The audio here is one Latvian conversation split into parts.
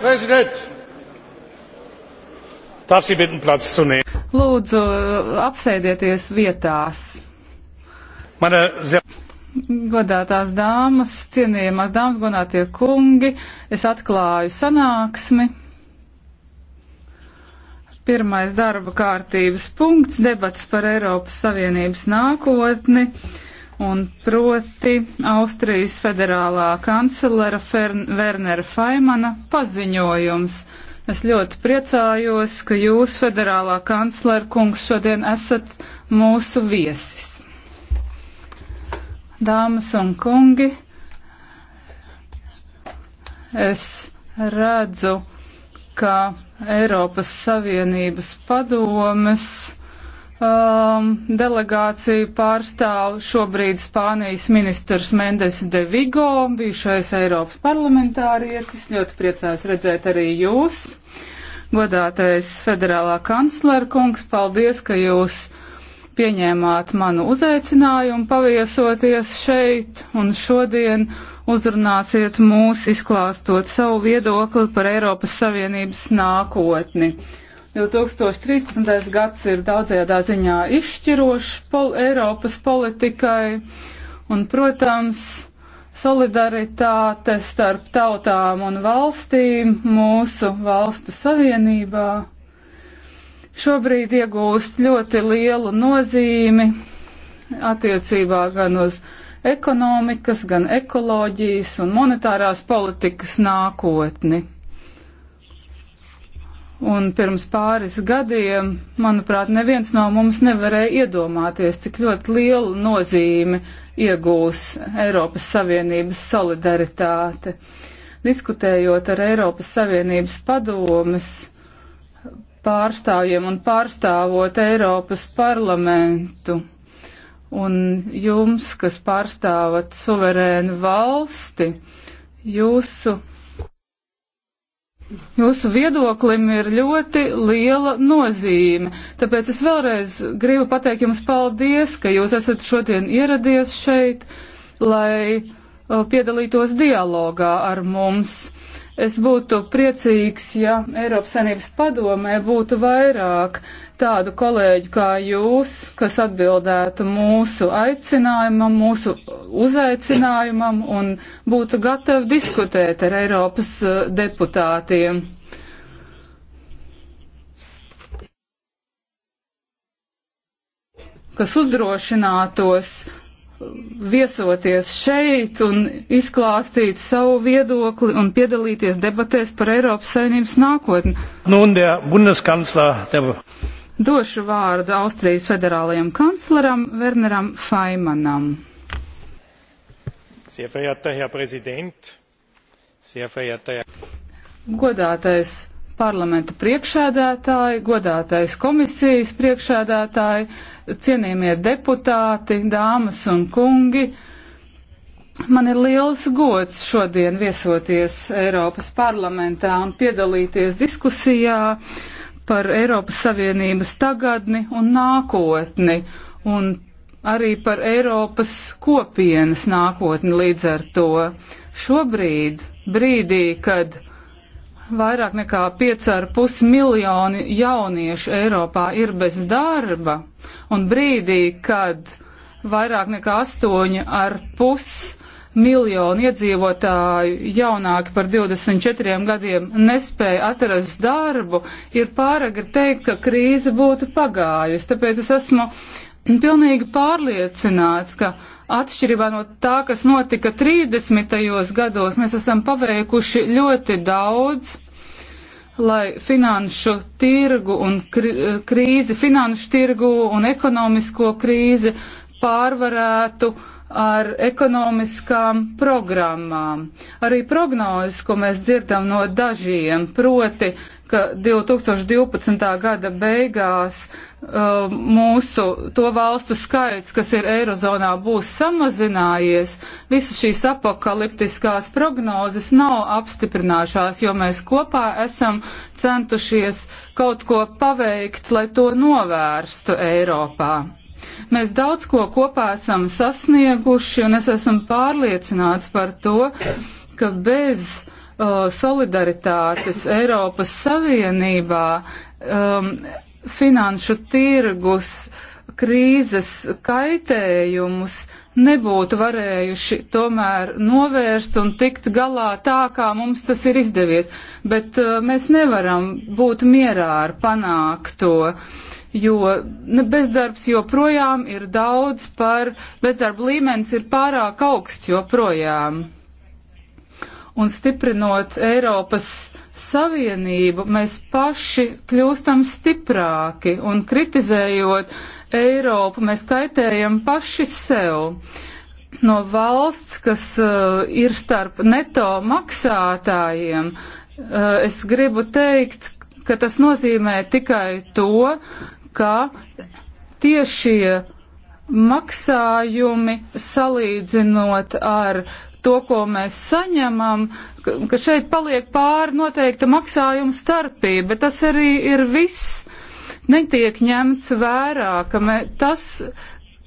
Präsident! Darf Sie bitten, Platz zu nehmen? Lūdzu, apsēdieties vietās. Meine sehr Godātās dāmas, cienījamās dāmas, godātie kungi, es atklāju sanāksmi. Pirmais darba kārtības punkts - debats par Eiropas Savienības nākotni un proti Austrijas federālā kanclera Fern Wernera Faimana paziņojums. Es ļoti priecājos, ka jūs, federālā kanclera kungs, šodien esat mūsu viesis. Dāmas un kungi, es redzu, ka Eiropas Savienības padomes Um, delegāciju pārstāv šobrīd Spānijas ministrs Mendes de Vigo, bijušais Eiropas parlamentārietis. Ļoti priecājos redzēt arī jūs. Godātais federālā kanclera kungs, paldies, ka jūs pieņēmāt manu uzaicinājumu paviesoties šeit un šodien uzrunāsiet mūs, izklāstot savu viedokli par Eiropas Savienības nākotni. 2013. gads ir daudzajā ziņā izšķirošs pol Eiropas politikai, un, protams, solidaritāte starp tautām un valstīm mūsu valstu savienībā šobrīd iegūst ļoti lielu nozīmi attiecībā gan uz ekonomikas, gan ekoloģijas un monetārās politikas nākotni. Un pirms pāris gadiem, manuprāt, neviens no mums nevarēja iedomāties, cik ļoti lielu nozīmi iegūs Eiropas Savienības solidaritāte. Diskutējot ar Eiropas Savienības padomes pārstāvjiem un pārstāvot Eiropas parlamentu, un jums, kas pārstāvat suverēnu valsti, jūsu Jūsu viedoklim ir ļoti liela nozīme, tāpēc es vēlreiz gribu pateikt jums paldies, ka jūs esat šodien ieradies šeit, lai uh, piedalītos dialogā ar mums. Es būtu priecīgs, ja Eiropas Sanības padomē būtu vairāk tādu kolēģu kā jūs, kas atbildētu mūsu aicinājumam, mūsu uzaicinājumam un būtu gatavi diskutēt ar Eiropas uh, deputātiem. kas uzdrošinātos viesoties šeit un izklāstīt savu viedokli un piedalīties debatēs par Eiropas Savienības nākotni. Nun, der Bundeskanzler, der Došu vārdu Austrijas federālajam kancleram Werneram Faimanam. Sehr verehrter Herr Präsident, sehr verehrter Herr. Godātais parlamenta priekšēdētāji, godātais komisijas priekšēdētāji, cienījamie deputāti, dāmas un kungi. Man ir liels gods šodien viesoties Eiropas parlamentā un piedalīties diskusijā uh, par Eiropas Savienības tagadni un nākotni un arī par Eiropas kopienas nākotni līdz ar to. Šobrīd, brīdī, kad vairāk nekā 5,5 miljoni jauniešu Eiropā ir bez darba, un brīdī, kad vairāk nekā 8,5 miljoni iedzīvotāju jaunāki par 24 gadiem nespēja atrast darbu, ir pāragri teikt, ka krīze būtu pagājusi. Tāpēc es esmu pilnīgi pārliecināts, ka atšķirībā no tā, kas notika 30. gados, mēs esam paveikuši ļoti daudz lai finanšu tirgu un krīzi, finanšu tirgu un ekonomisko krīzi pārvarētu uh, ar ekonomiskām programmām. Arī prognozes, ko mēs dzirdam no dažiem, proti, ka 2012. gada beigās uh, mūsu to valstu skaits, kas ir Eirozonā, būs samazinājies. Visas šīs apakaliptiskās prognozes nav apstiprināšās, jo mēs kopā esam centušies kaut ko paveikt, lai to novērstu Eiropā. Mēs daudz ko kopā esam sasnieguši, un es esmu pārliecināts par to, ka bez uh, solidaritātes Eiropas Savienībā um, finanšu tirgus krīzes kaitējumus nebūtu varējuši tomēr novērst un tikt galā tā, kā mums tas ir izdevies. Bet uh, mēs nevaram būt mierā ar panākto. Uh, jo bezdarbs joprojām ir daudz par, bezdarba līmenis ir pārāk augsts joprojām. Un stiprinot Eiropas Savienību, mēs paši kļūstam stiprāki un kritizējot Eiropu, mēs kaitējam paši sev. No valsts, kas uh, ir starp neto maksātājiem, uh, es gribu teikt, ka tas nozīmē tikai to, ka tiešie maksājumi salīdzinot ar to, ko mēs saņemam, ka šeit paliek pāri noteikta maksājuma starpība, bet tas arī ir viss. Netiek ņemts vērā, ka mē, tas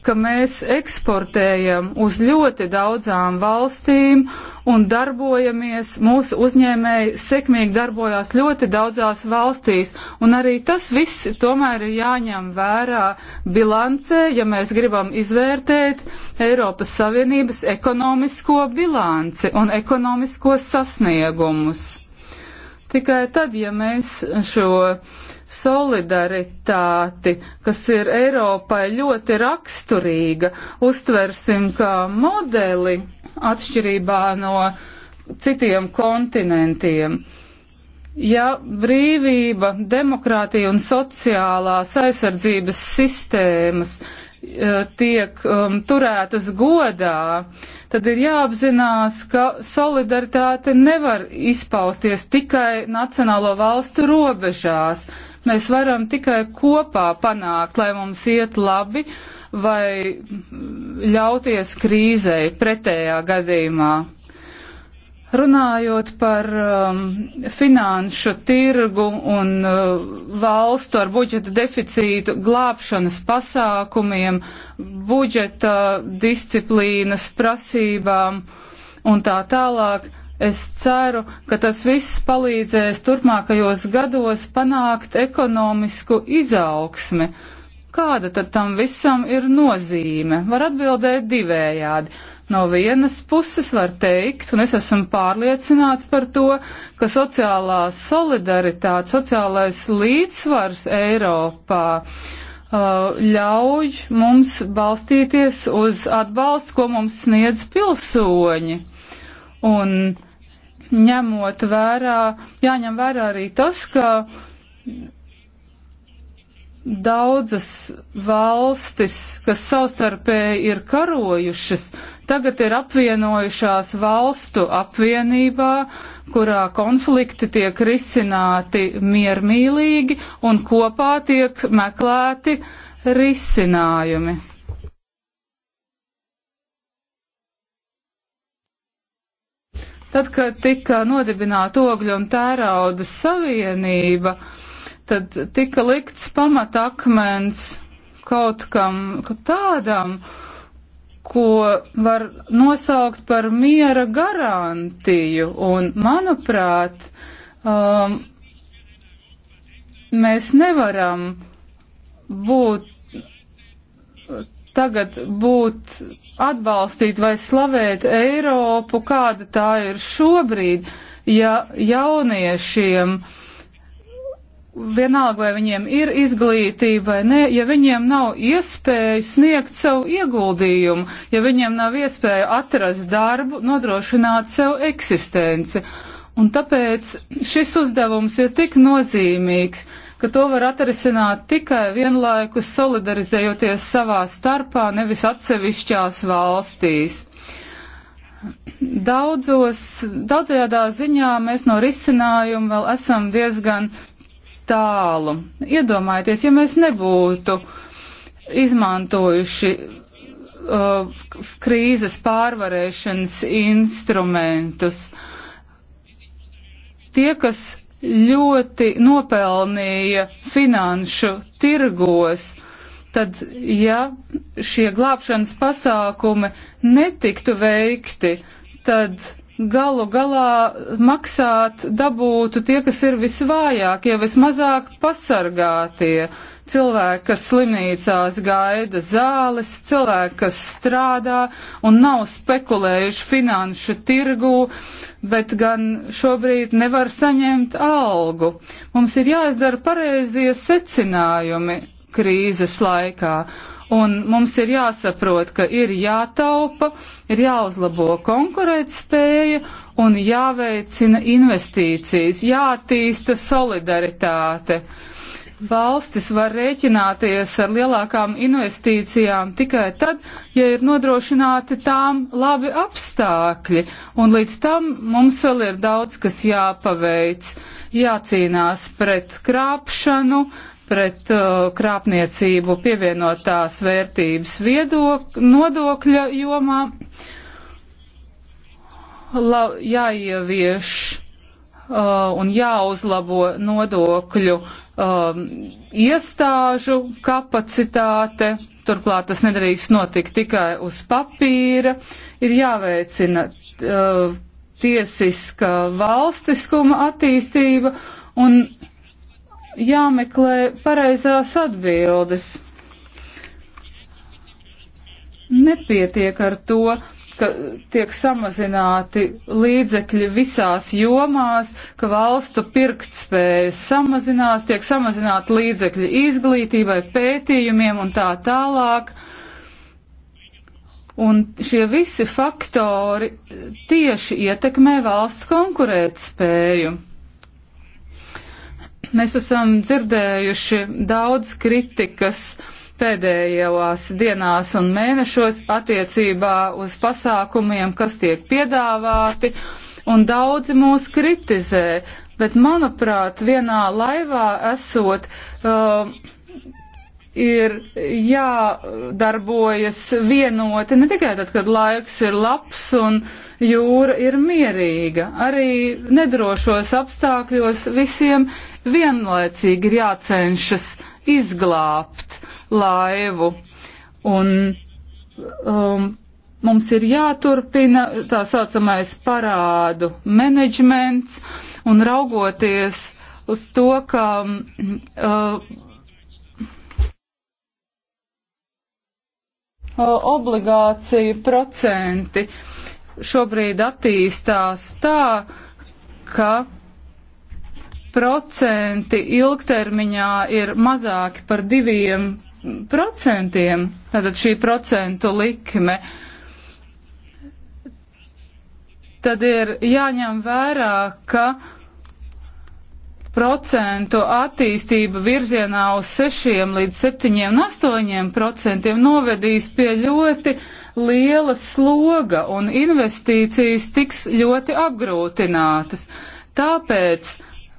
ka mēs eksportējam uz ļoti daudzām valstīm un darbojamies, mūsu uzņēmēji sekmīgi darbojās ļoti daudzās valstīs, un arī tas viss tomēr ir jāņem vērā bilancē, ja mēs gribam izvērtēt Eiropas Savienības ekonomisko bilanci un ekonomiskos sasniegumus. Tikai tad, ja mēs šo solidaritāti, kas ir Eiropai ļoti raksturīga, uztversim kā modeli atšķirībā no citiem kontinentiem. Ja brīvība, demokrātija un sociālās aizsardzības sistēmas Eh, tiek um, turētas godā, tad ir jāapzinās, ka solidaritāte nevar izpausties tikai nacionālo valstu robežās. Mēs varam tikai kopā panākt, lai mums iet labi vai ļauties krīzei pretējā gadījumā. Runājot par um, finanšu tirgu un uh, valstu ar budžeta deficītu glābšanas pasākumiem, budžeta disciplīnas prasībām un tā tālāk, es ceru, ka tas viss palīdzēs turpmākajos gados panākt ekonomisku izaugsmi. Kāda tad tam visam ir nozīme? Var atbildēt divējādi. No vienas puses var teikt, un es esmu pārliecināts par to, ka sociālā solidaritāte, sociālais līdzsvars Eiropā uh, ļauj mums balstīties uz atbalstu, ko mums sniedz pilsoņi. Un ņemot vērā, jāņem vērā arī tas, ka daudzas valstis, kas savstarpēji ir karojušas, uh, tagad ir apvienojušās valstu apvienībā, kurā konflikti tiek risināti miermīlīgi un kopā tiek meklēti risinājumi. Tad, kad tika nodibināta ogļu un tērauda savienība, tad tika likts pamatakmens kaut kam tādam, uh, ko var nosaukt par miera garantiju. Un, manuprāt, um, mēs nevaram būt tagad būt atbalstīt vai slavēt Eiropu, kāda tā ir šobrīd, ja jauniešiem uh, vienalga, vai viņiem ir izglītība vai nē, ja viņiem nav iespēju sniegt savu ieguldījumu, ja viņiem nav iespēju atrast darbu, nodrošināt sev eksistenci. Un tāpēc šis uzdevums ir tik nozīmīgs, ka to var atrisināt tikai vienlaikus solidarizējoties savā starpā, nevis atsevišķās valstīs. Daudzos, daudzajādā ziņā mēs no risinājuma vēl esam diezgan tālu. Iedomājieties, ja mēs nebūtu izmantojuši uh, krīzes pārvarēšanas instrumentus. Tie, kas ļoti nopelnīja finanšu tirgos, tad, ja šie glābšanas pasākumi netiktu veikti, tad galu galā maksāt dabūtu tie, kas ir visvājākie, vismazāk pasargātie. Cilvēki, kas slimnīcās gaida zāles, cilvēki, kas strādā un nav spekulējuši finanšu tirgū, bet gan šobrīd nevar saņemt algu. Mums ir jāizdara pareizie secinājumi krīzes laikā Un mums ir jāsaprot, ka ir jātaupa, ir jāuzlabo konkurētspēja un jāveicina investīcijas, jātīsta solidaritāte. Valstis var rēķināties ar lielākām investīcijām tikai tad, ja ir nodrošināti tām labi apstākļi, un līdz tam mums vēl ir daudz, kas jāpaveic, jācīnās pret krāpšanu, uh, pret uh, krāpniecību pievienotās vērtības viedok, nodokļa jomā la, jāievieš uh, un jāuzlabo nodokļu um, iestāžu kapacitāte. Turklāt tas nedrīkst notikt tikai uz papīra. Ir jāveicina uh, tiesiska valstiskuma attīstība un jāmeklē pareizās atbildes. Nepietiek ar to, ka tiek samazināti līdzekļi visās jomās, ka valstu pirktspējas samazinās, tiek samazināti līdzekļi izglītībai, pētījumiem un tā tālāk. Un šie visi faktori tieši ietekmē valsts konkurētspēju. Mēs esam dzirdējuši daudz kritikas pēdējās dienās un mēnešos attiecībā uz pasākumiem, kas tiek piedāvāti, un daudzi mūs kritizē, bet manuprāt, vienā laivā esot. Uh, ir jādarbojas vienoti ne tikai tad, kad laiks ir labs un jūra ir mierīga. Arī nedrošos apstākļos visiem vienlaicīgi ir jācenšas izglābt laivu. Un um, mums ir jāturpina tā saucamais parādu menedžments un raugoties uz to, ka. Um, uh, obligāciju procenti šobrīd attīstās tā, ka procenti ilgtermiņā ir mazāki par diviem procentiem, tātad šī procentu likme, tad ir jāņem vērā, ka procentu attīstība virzienā uz 6 līdz 7 un 8 procentiem novedīs pie ļoti liela sloga un investīcijas tiks ļoti apgrūtinātas. Tāpēc,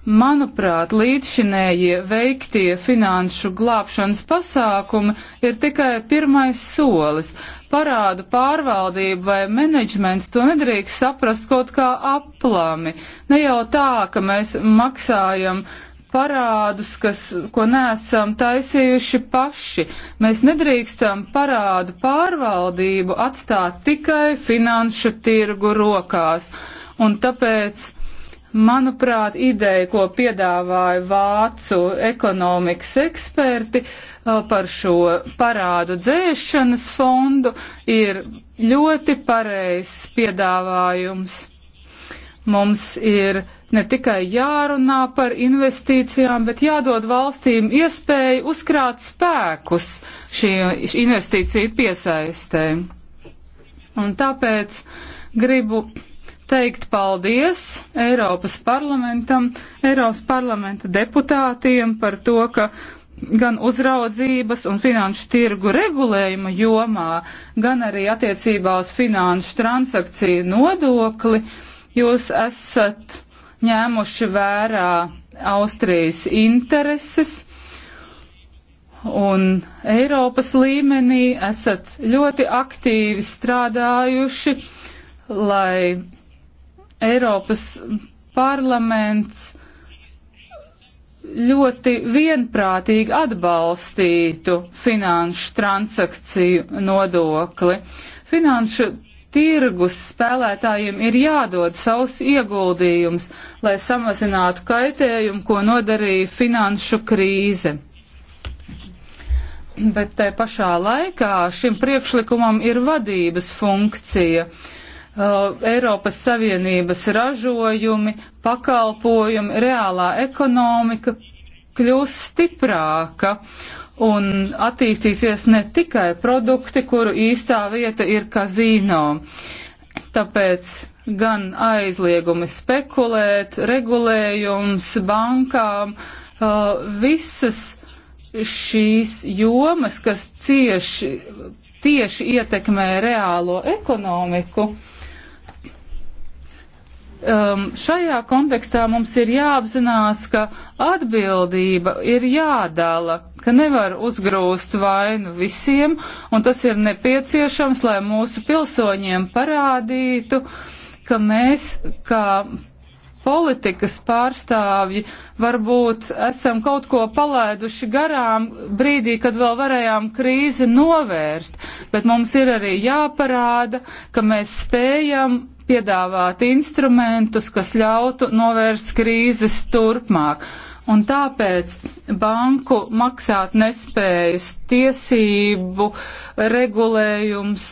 manuprāt, līdzšinējie veiktie finanšu glābšanas pasākumi ir tikai pirmais solis parādu pārvaldību vai menedžments, to nedrīkst saprast kaut kā aplami. Ne jau tā, ka mēs maksājam parādus, kas, ko neesam taisījuši paši. Mēs nedrīkstam parādu pārvaldību atstāt tikai finanšu tirgu rokās. Un tāpēc Manuprāt, ideja, ko piedāvāja vācu ekonomikas eksperti eh, par šo parādu dzēšanas fondu, ir ļoti pareizs piedāvājums. Mums ir ne tikai jārunā par investīcijām, bet jādod valstīm iespēju uzkrāt spēkus šī investīciju piesaistē. Un tāpēc gribu teikt paldies Eiropas parlamentam, Eiropas parlamenta deputātiem par to, ka gan uzraudzības un finanšu tirgu regulējuma jomā, gan arī attiecībā uz finanšu transakciju nodokli jūs esat ņēmuši vērā Austrijas intereses un Eiropas līmenī esat ļoti aktīvi strādājuši, lai Eiropas parlaments ļoti vienprātīgi atbalstītu finanšu transakciju nodokli. Finanšu tirgus spēlētājiem ir jādod savs ieguldījums, lai samazinātu kaitējumu, ko nodarīja finanšu krīze. Bet tai pašā laikā šim priekšlikumam ir vadības funkcija. Uh, uh, Eiropas Savienības ražojumi, pakalpojumi, reālā ekonomika kļūs stiprāka un attīstīsies ne tikai produkti, kuru īstā vieta ir kazino. Tāpēc gan aizliegumi spekulēt, regulējums bankām, uh, visas šīs jomas, kas cieši, tieši ietekmē reālo ekonomiku, um, šajā kontekstā mums ir jāapzinās, ka atbildība ir jādala, ka nevar uzgrūst vainu visiem, un tas ir nepieciešams, lai mūsu pilsoņiem parādītu, ka mēs kā politikas pārstāvji varbūt esam kaut ko palaiduši garām brīdī, kad vēl varējām krīzi novērst, bet mums ir arī jāparāda, ka mēs spējam piedāvāt instrumentus, kas ļautu novērst krīzes turpmāk. Un tāpēc banku maksāt nespējas tiesību regulējums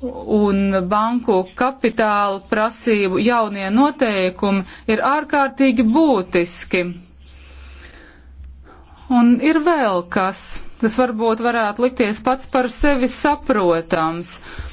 un banku kapitāla prasību jaunie noteikumi ir ārkārtīgi būtiski. Un ir vēl kas, kas varbūt varētu likties pats par sevi saprotams. Uh,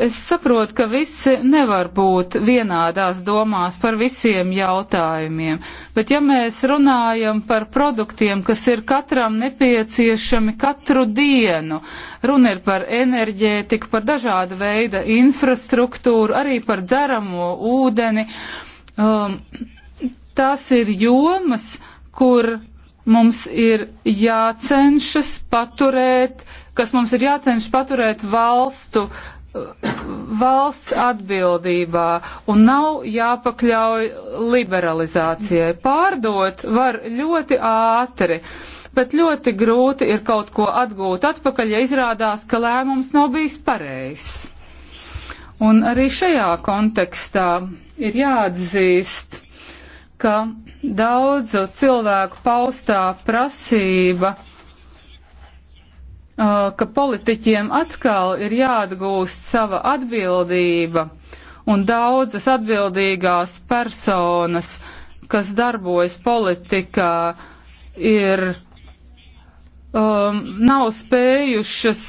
Es saprotu, ka visi nevar būt vienādās domās par visiem jautājumiem, bet ja mēs runājam par produktiem, kas ir katram nepieciešami katru dienu, runa ir par enerģētiku, par dažādu veidu infrastruktūru, arī par dzeramo ūdeni, um, tās ir jomas, kur mums ir jācenšas paturēt, kas mums ir jācenšas paturēt valstu uh, valsts atbildībā un nav jāpakļauj liberalizācijai. Pārdot var ļoti ātri, bet ļoti grūti ir kaut ko atgūt atpakaļ, ja izrādās, ka lēmums nav bijis pareizs. Un arī šajā kontekstā ir jāatzīst, ka daudzu cilvēku paustā prasība uh, Uh, ka politiķiem atkal ir jāatgūst sava atbildība un daudzas atbildīgās personas, kas darbojas politikā, ir um, nav spējušas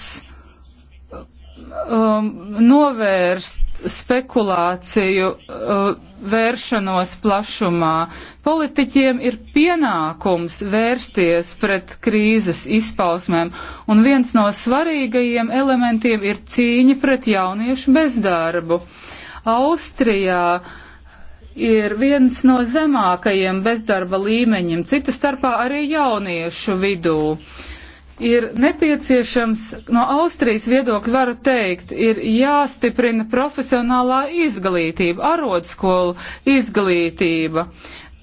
um, novērst spekulāciju uh, vēršanos plašumā. Politiķiem ir pienākums vērsties pret krīzes izpausmēm, un viens no svarīgajiem elementiem ir cīņa pret jauniešu bezdarbu. Austrijā ir viens no zemākajiem bezdarba līmeņiem, cita starpā arī jauniešu vidū. Uh, ir nepieciešams no Austrijas viedokļa, varu teikt, ir jāstiprina profesionālā izglītība, arotskolu izglītība.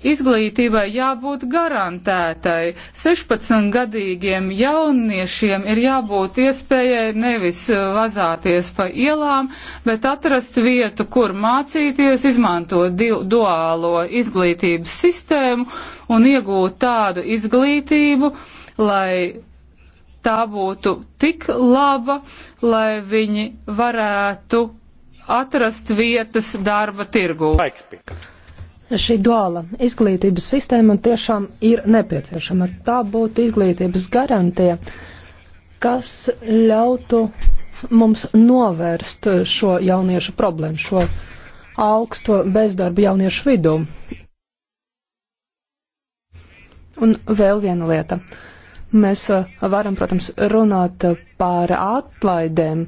Izglītībai jābūt garantētai. 16-gadīgiem jauniešiem ir jābūt iespējai nevis eh, vazāties pa ielām, bet atrast vietu, kur mācīties, izmantot duālo izglītības sistēmu un iegūt tādu izglītību, lai tā būtu tik laba, lai viņi varētu atrast vietas darba tirgū. Šī duāla izglītības sistēma tiešām ir nepieciešama. Tā būtu izglītības garantija, kas ļautu mums novērst šo jauniešu problēmu, šo augsto bezdarbu jauniešu vidū. Un vēl viena lieta. Uh, Mēs uh, varam, protams, runāt uh, par atlaidēm,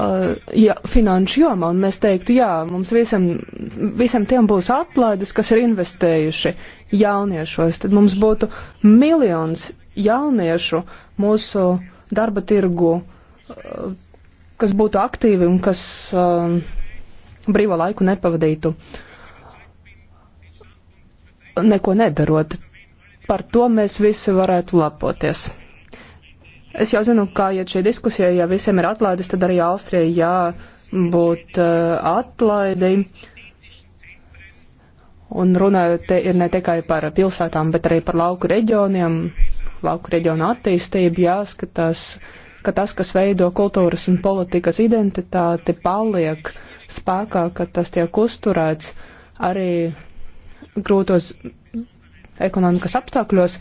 Uh, ja, finanšu jomā, un mēs teiktu, jā, mums visam, visam tiem būs atlaides, kas ir investējuši jauniešos, tad mums būtu miljons jauniešu mūsu darba tirgu, uh, kas būtu aktīvi un kas uh, brīvo laiku nepavadītu neko nedarot. Par to mēs visi varētu lepoties. Es jau zinu, kā iet šī diskusija, ja visiem ir atlaides, tad arī Austrijai jābūt uh, eh, atlaidei. Un runājot te ir ne tikai par pilsētām, bet arī par lauku reģioniem, lauku reģionu attīstību, jāskatās, ka tas, kas veido kultūras un politikas identitāti, paliek spēkā, ka tas tiek uzturēts arī grūtos ekonomikas apstākļos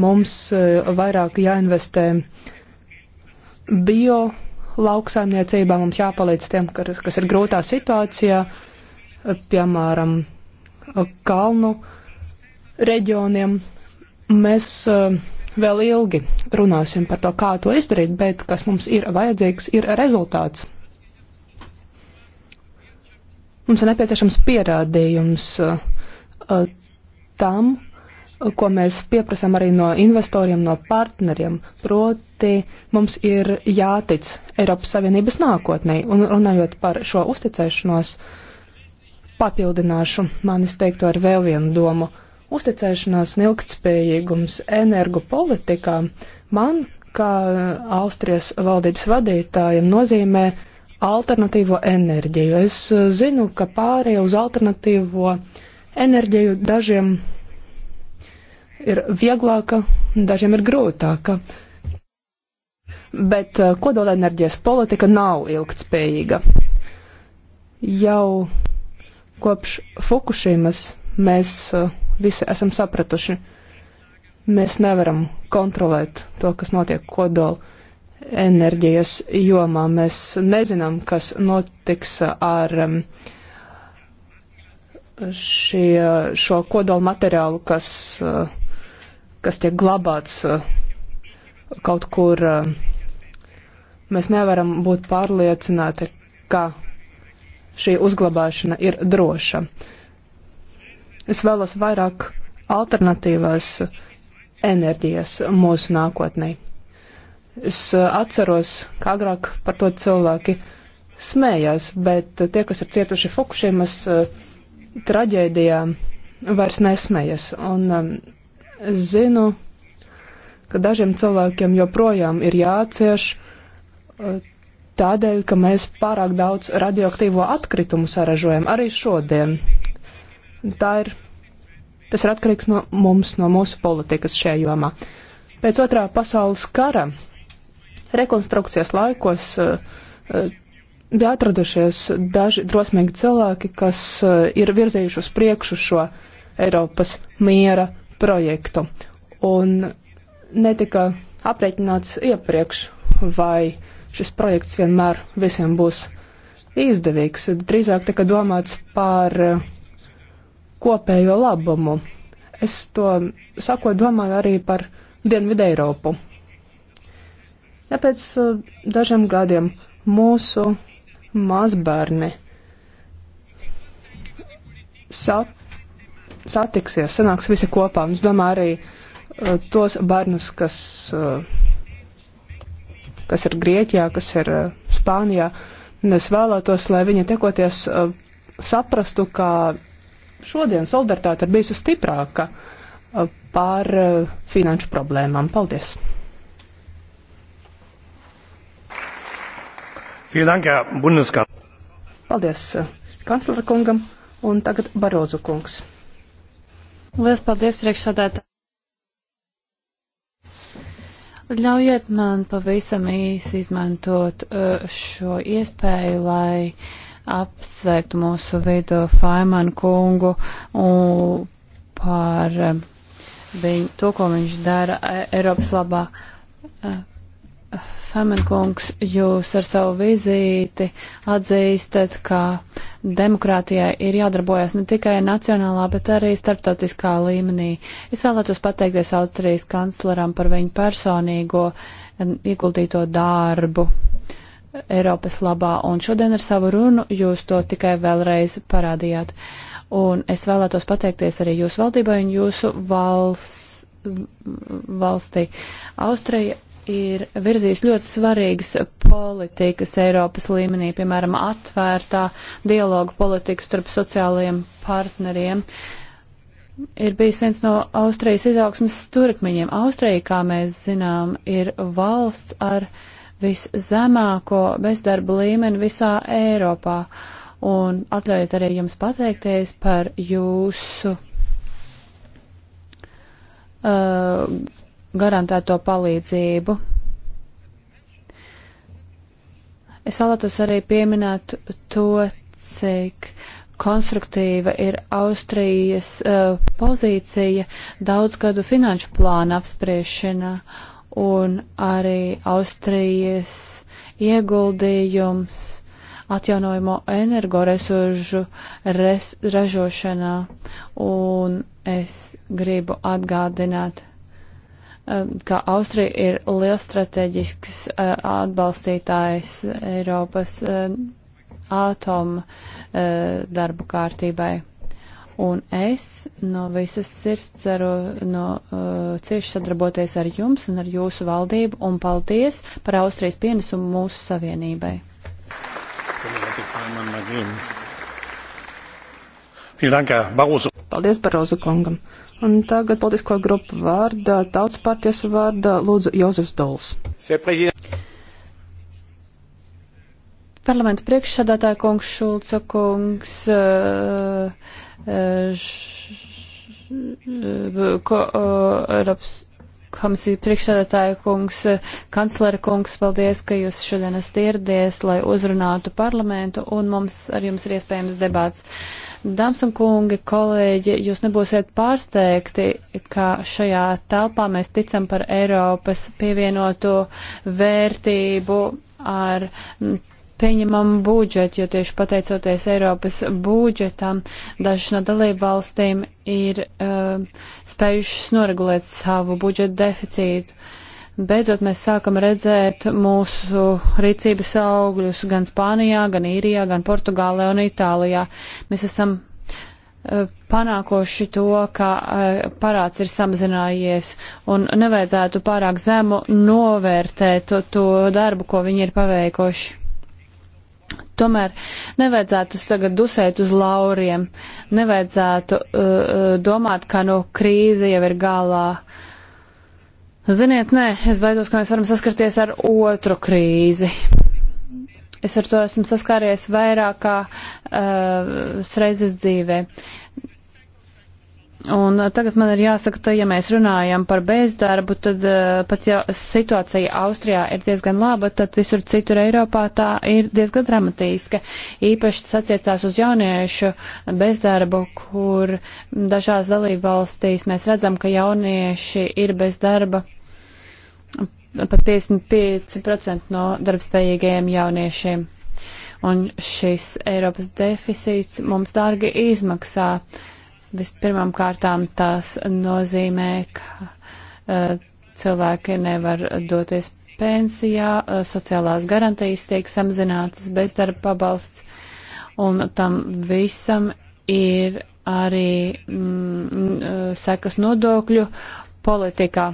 mums e, vairāk jāinvestē bio lauksaimniecībā, mums jāpalīdz tiem, kas ir grūtā situācijā, piemēram, kalnu reģioniem. Mēs e, vēl ilgi runāsim par to, kā to izdarīt, bet kas mums ir vajadzīgs, ir rezultāts. Mums ir nepieciešams pierādījums e, tam, ko mēs pieprasām arī no investoriem, no partneriem. Proti, mums ir jātic Eiropas Savienības nākotnē. Un runājot par šo uzticēšanos, papildināšu manis teikto ar vēl vienu domu. Uzticēšanās un ilgtspējīgums energopolitikā man, kā Austrijas valdības vadītājiem, nozīmē alternatīvo enerģiju. Es zinu, ka pārējie uz alternatīvo enerģiju dažiem ir vieglāka, dažiem ir grūtāka. Bet eh, kodola enerģijas politika nav ilgtspējīga. Jau kopš Fukushimas mēs eh, visi esam sapratuši, mēs nevaram kontrolēt to, kas notiek kodola enerģijas jomā. Mēs nezinām, kas notiks ar šie, šo kodola materiālu, kas uh, kas tiek glabāts uh, kaut kur. Uh, mēs nevaram būt pārliecināti, ka šī uzglabāšana ir droša. Es vēlos vairāk alternatīvās enerģijas mūsu nākotnē. Es uh, atceros, kā agrāk par to cilvēki smējās, bet tie, kas ir cietuši Fukushimas traģēdijā, vairs nesmējas. Un um, zinu, ka dažiem cilvēkiem joprojām ir jācieš eh, tādēļ, ka mēs pārāk daudz radioaktīvo atkritumu saražojam arī šodien. Tā ir, tas ir atkarīgs no mums, no mūsu politikas šajā jomā. Pēc otrā pasaules kara rekonstrukcijas laikos eh, eh, bija atradušies daži drosmīgi cilvēki, kas ir virzējuši uz priekšu šo Eiropas miera projektu. Un netika aprēķināts iepriekš, vai šis projekts vienmēr visiem būs izdevīgs. Drīzāk tika domāts par eh, kopējo labumu. Es to sako domāju arī par Dienvidu Eiropu. Tāpēc eh, dažiem gadiem mūsu mazbērni sap satiksies, sanāks visi kopā. Es domāju arī uh, tos bērnus, kas, uh, kas ir Grieķijā, kas ir uh, Spānijā. Un es vēlētos, lai viņi tekoties uh, saprastu, ka šodien solidaritāte ir bijusi stiprāka uh, pār uh, finanšu problēmām. Paldies! Paldies uh, kanclera kungam un tagad Barozu kungs. Lielas paldies priekšsādātājiem! Ļaujiet man pavisam īsi izmantot uh, šo iespēju, lai apsveiktu mūsu vidu Faimanu kungu uh, par um, viņu, to, ko viņš dara e, Eiropas labā. Uh, Femenkungs, jūs ar savu vizīti atzīstat, ka demokrātijai ir jādarbojas ne tikai nacionālā, bet arī starptautiskā līmenī. Es vēlētos pateikties Austrijas kancleram par viņu personīgo ieguldīto darbu Eiropas labā, un šodien ar savu runu jūs to tikai vēlreiz parādījāt. Un es vēlētos pateikties arī jūsu valdībai un jūsu valsts valstī. Austrija ir virzījis ļoti svarīgas politikas Eiropas līmenī, piemēram, atvērtā dialogu politiku starp sociālajiem partneriem. Ir bijis viens no Austrijas izaugsmas turkmiņiem. Austrija, kā mēs zinām, ir valsts ar viszemāko bezdarba līmeni visā Eiropā. Un atļaujiet arī jums pateikties par jūsu uh, garantēto palīdzību. Es vēlētos arī pieminēt to, cik konstruktīva ir Austrijas uh, pozīcija daudzgadu finanšu plāna apspriešanā un arī Austrijas ieguldījums atjaunojamo energoresursu res, ražošanā. Un es gribu atgādināt Um, ka Austrija ir liels strateģisks uh, atbalstītājs Eiropas um, atomu uh, darbu kārtībai. Un es no visas sirds ceru no, uh, cieši sadarboties ar jums un ar jūsu valdību un paldies par Austrijas pienesumu mūsu savienībai. Paldies, Barozu kungam. Un tagad politisko grupu vārdā, tautas partijas vārdā, lūdzu, Jozefs Dols. Parlaments priekšsādātāja kungs, Šulca kungs, uh, uh, ko, uh, Eiropas komisiju priekšsēdētāju kungs, kanclera kungs, paldies, ka jūs šodien esat ieradies, lai uzrunātu parlamentu, un mums ar jums ir iespējams debāts. Dāmas un kungi, kolēģi, jūs nebūsiet pārsteigti, ka šajā telpā mēs ticam par Eiropas pievienoto vērtību ar pieņemam budžetu, jo tieši pateicoties Eiropas budžetam, dažas no dalību valstīm ir uh, spējušas noregulēt savu budžetu deficītu. Beidzot, mēs sākam redzēt mūsu rīcības augļus gan Spānijā, gan Īrijā, gan Portugālē un Itālijā. Mēs esam eh, panākoši to, ka eh, parāds ir samazinājies un nevajadzētu pārāk zemu novērtēt to, to darbu, ko viņi ir paveikuši. Tomēr nevajadzētu tagad dusēt uz lauriem, nevajadzētu uh, uh, domāt, ka nu krīze jau ir galā. Ziniet, nē, es baidos, ka mēs varam saskarties ar otru krīzi. Es ar to esmu saskāries vairāk kā uh, reizes dzīvē. Uh, Un eh, tagad man ir jāsaka, ka, ja mēs runājam par bezdarbu, tad eh, pat ja situācija Austrijā ir diezgan laba, tad visur citur Eiropā tā ir diezgan dramatiska. Īpaši tas attiecās uz jauniešu bezdarbu, kur dažās dalībvalstīs mēs redzam, ka jaunieši ir bez darba pat 55% no darbspējīgajiem jauniešiem. Un šis Eiropas deficīts mums dārgi izmaksā. Uh, Vispirmām kārtām tas nozīmē, ka eh, cilvēki nevar doties pensijā, eh, sociālās garantijas tiek samazinātas, bezdarba pabalsts, un tam visam ir arī mm, eh, sekas nodokļu politikā.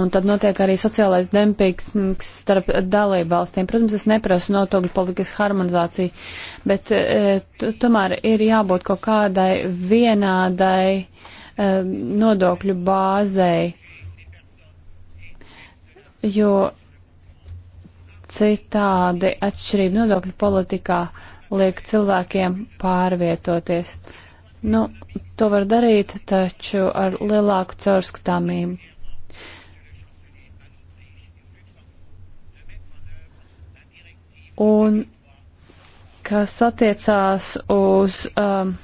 Un tad notiek arī sociālais dempings starp dalību valstīm. Protams, es neprasu notokļu politikas harmonizāciju, bet e, tomēr ir jābūt kaut kādai vienādai e, nodokļu bāzei, jo citādi atšķirība nodokļu politikā liek cilvēkiem pārvietoties. Nu, to var darīt, taču ar lielāku caurskatāmību un kas attiecās uz um,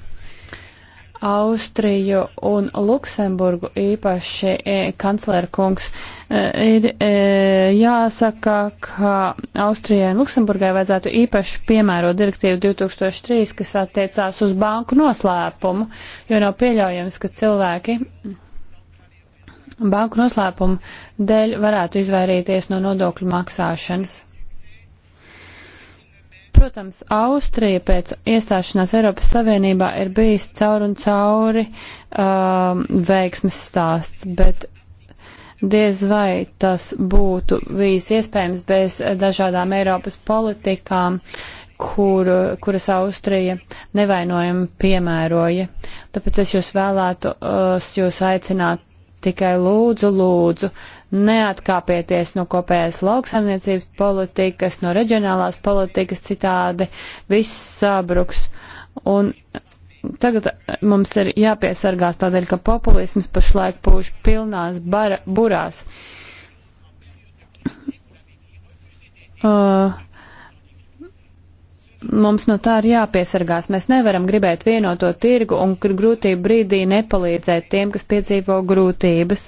Austriju un Luksemburgu īpaši e, kanclera kungs, e, ir e, jāsaka, ka Austrijai un Luksemburgai vajadzētu īpaši piemērot direktīvu 2003, kas attiecās uz banku noslēpumu, jo nav pieļaujams, ka cilvēki banku noslēpumu dēļ varētu izvairīties no nodokļu maksāšanas. Protams, Austrija pēc iestāšanās Eiropas Savienībā ir bijis caur un cauri um, veiksmes stāsts, bet diez vai tas būtu bijis iespējams bez dažādām Eiropas politikām, kur, kuras Austrija nevainojami piemēroja. Tāpēc es jūs vēlētu, jūs aicināt Tikai lūdzu, lūdzu, neatkāpieties no kopējās lauksaimniecības politikas, no reģionālās politikas citādi, viss sabruks. Un tagad mums ir jāpiesargās tādēļ, ka populisms pašlaik pūš pilnās bara, burās. Uh, mums no tā ir jāpiesargās. Mēs nevaram gribēt vienoto tirgu un grūtību brīdī nepalīdzēt tiem, kas piedzīvo grūtības.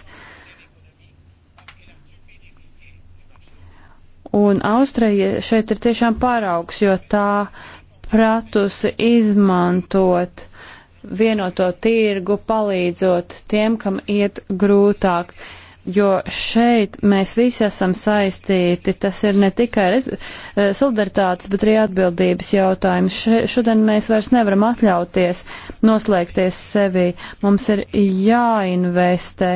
Un Austrija šeit ir tiešām pāraugs, jo tā pratusi izmantot vienoto tirgu, palīdzot tiem, kam iet grūtāk. Uh, jo šeit mēs visi esam saistīti. Tas ir ne tikai eh, solidaritātes, bet arī atbildības jautājums. Šodien mēs vairs nevaram atļauties noslēgties sevi. Mums ir jāinvestē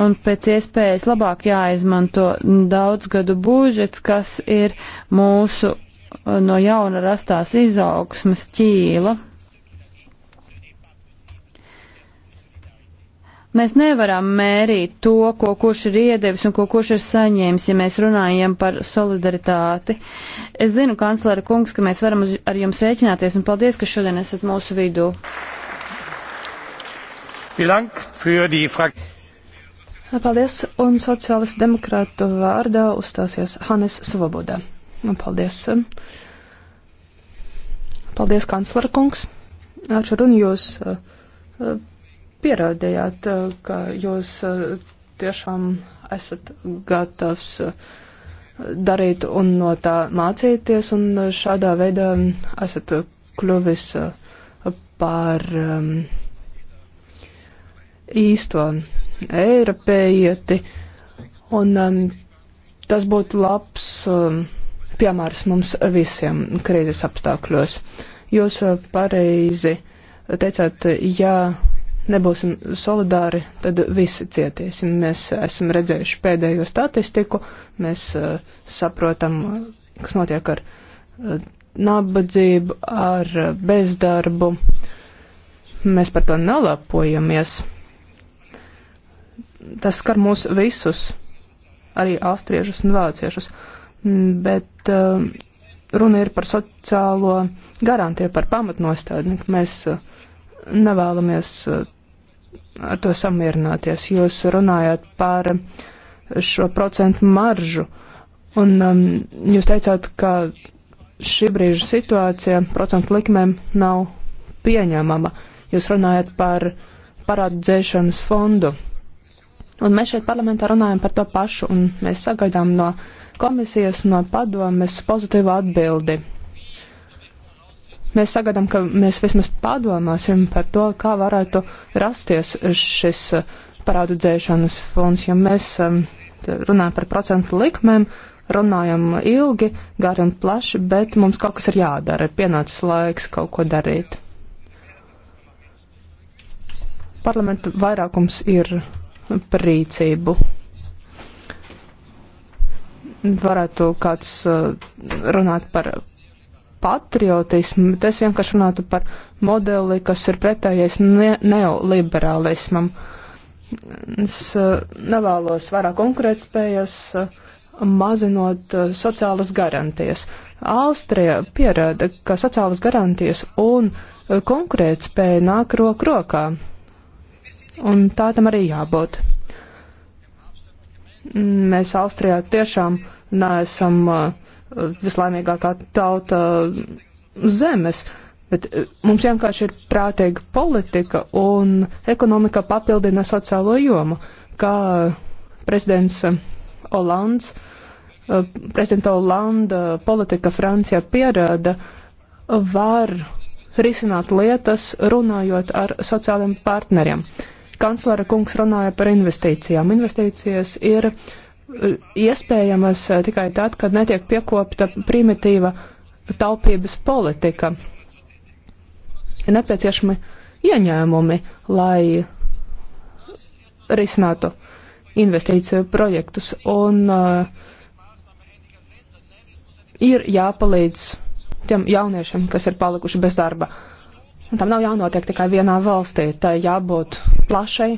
un pēc iespējas labāk jāizmanto daudzgadu būžets, kas ir mūsu eh, no jauna rastās izaugsmas ķīla. Mēs nevaram mērīt to, ko kurš ir iedevis un ko kurš ir saņēmis, ja mēs runājam par solidaritāti. Es zinu, kanclera kungs, ka mēs varam uz, ar jums rēķināties un paldies, ka šodien esat mūsu vidū. Paldies, un sociālistu demokrātu vārdā uzstāsies Hannes Svoboda. Un nu, paldies. Um, paldies, kanclera kungs. Ar šo runu jūs. Uh, uh, pierādījāt, eh, ka jūs eh, tiešām esat gatavs eh, darīt un no tā mācīties, un šādā veidā esat kļuvis par um, īsto eiropējieti, un um, tas būtu labs um, piemērs mums visiem krīzes apstākļos. Jūs pareizi teicāt, ja nebūsim solidāri, tad visi cietīsim. Mēs esam redzējuši pēdējo statistiku, mēs uh, saprotam, uh, kas notiek ar uh, nabadzību, ar uh, bezdarbu. Mēs par to nelapojamies. Tas skar mūs visus, arī austriešus un vāciešus. Bet uh, runa ir par sociālo garantiju, par pamatnostādni, ka mēs uh, nevēlamies uh, ar to samierināties. Jūs runājāt par šo procentu maržu, un um, jūs teicāt, ka šī brīža situācija procentu likmēm nav pieņemama. Jūs runājat par parādu dzēšanas fondu. Un mēs šeit parlamentā runājam par to pašu, un mēs sagaidām no komisijas, no padomes pozitīvu atbildi Mēs sagaidām, ka mēs vismaz padomāsim par to, kā varētu rasties šis uh, parādu dzēšanas fonds, jo mēs um, runājam par procentu likmēm, runājam ilgi, gari un plaši, bet mums kaut kas ir jādara, ir pienācis laiks kaut ko darīt. Parlamenta vairākums ir par rīcību. Varētu kāds uh, runāt par patriotismu, bet es vienkārši runātu par modeli, kas ir pretējais ne neoliberālismam. Es uh, nevēlos vairāk konkurētspējas, uh, mazinot uh, sociālas garantijas. Austrija pierāda, ka sociālas garantijas un konkurētspēja nāk roku rokā. Un tā tam arī jābūt. Mēs Austrijā tiešām neesam uh, vislaimīgākā tauta zemes. Bet eh, mums vienkārši ir prātīga politika un ekonomika papildina sociālo jomu. Kā prezidents Olands, eh, prezidenta Olanda politika Francijā pierāda, var risināt lietas, runājot ar sociāliem partneriem. Kanclera kungs runāja par investīcijām. Investīcijas ir uh, iespējamas eh, tikai tad, kad netiek piekopta primitīva taupības politika. Ir nepieciešami ieņēmumi, lai risinātu investīciju projektus, un uh, ir jāpalīdz tiem jauniešiem, kas ir palikuši bez darba. Un tam nav jānotiek tikai vienā valstī, tai jābūt plašai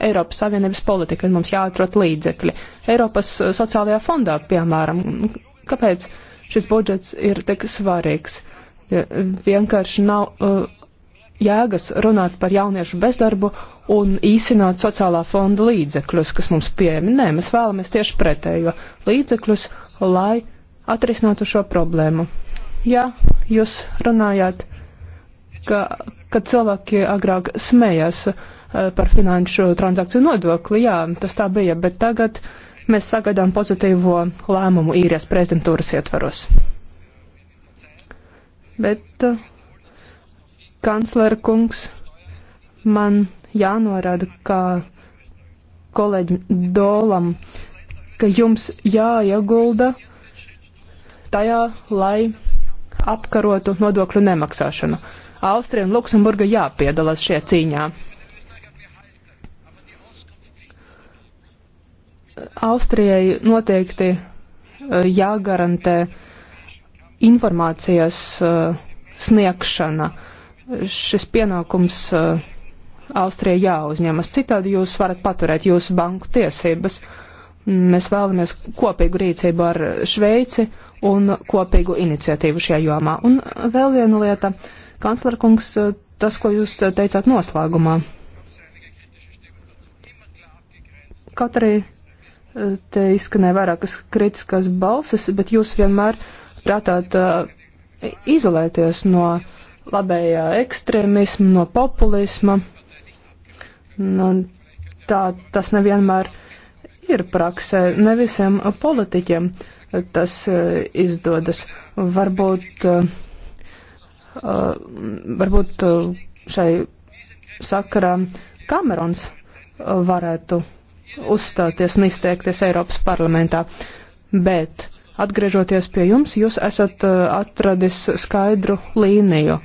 Eiropas Savienības politika, kad mums jāatrod līdzekļi. Eiropas uh, sociālajā fondā, piemēram, kāpēc šis budžets ir tik svarīgs? Vienkārši nav uh, jēgas runāt par jauniešu bezdarbu un īsināt sociālā fonda līdzekļus, kas mums pieejami. Nē, mēs vēlamies tieši pretējo līdzekļus, lai atrisinātu šo problēmu. Jā, jūs runājāt, ka, kad cilvēki agrāk smējās, uh, Eh, par finanšu transakciju nodokli. Jā, tas tā bija, bet tagad mēs sagaidām pozitīvo lēmumu īrijas prezidentūras ietvaros. Bet eh, kanclera kungs man jānorāda, ka kolēģim Dolam, ka jums jāiegulda tajā, lai apkarotu nodokļu nemaksāšanu. Austrija un Luksemburga jāpiedalās šajā cīņā. Austrijai noteikti eh, jāgarantē informācijas eh, sniegšana. Šis pienākums eh, Austrijai jāuzņemas. Citādi jūs varat paturēt jūsu banku tiesības. Mēs vēlamies kopīgu rīcību ar Šveici un kopīgu iniciatīvu šajā jomā. Un vēl viena lieta, kanclerkungs, tas, ko jūs teicāt noslēgumā. Kaut arī Te izskanēja vairākas kritiskās balses, bet jūs vienmēr prātāt uh, izolēties no labējā ekstrēmisma, no populisma. Nu, tā tas nevienmēr ir praksē, ne visiem politiķiem tas uh, izdodas. Varbūt, uh, varbūt šai sakarā Kamerons varētu uzstāties un izteikties Eiropas parlamentā. Bet, atgriežoties pie jums, jūs esat uh, atradis skaidru līniju,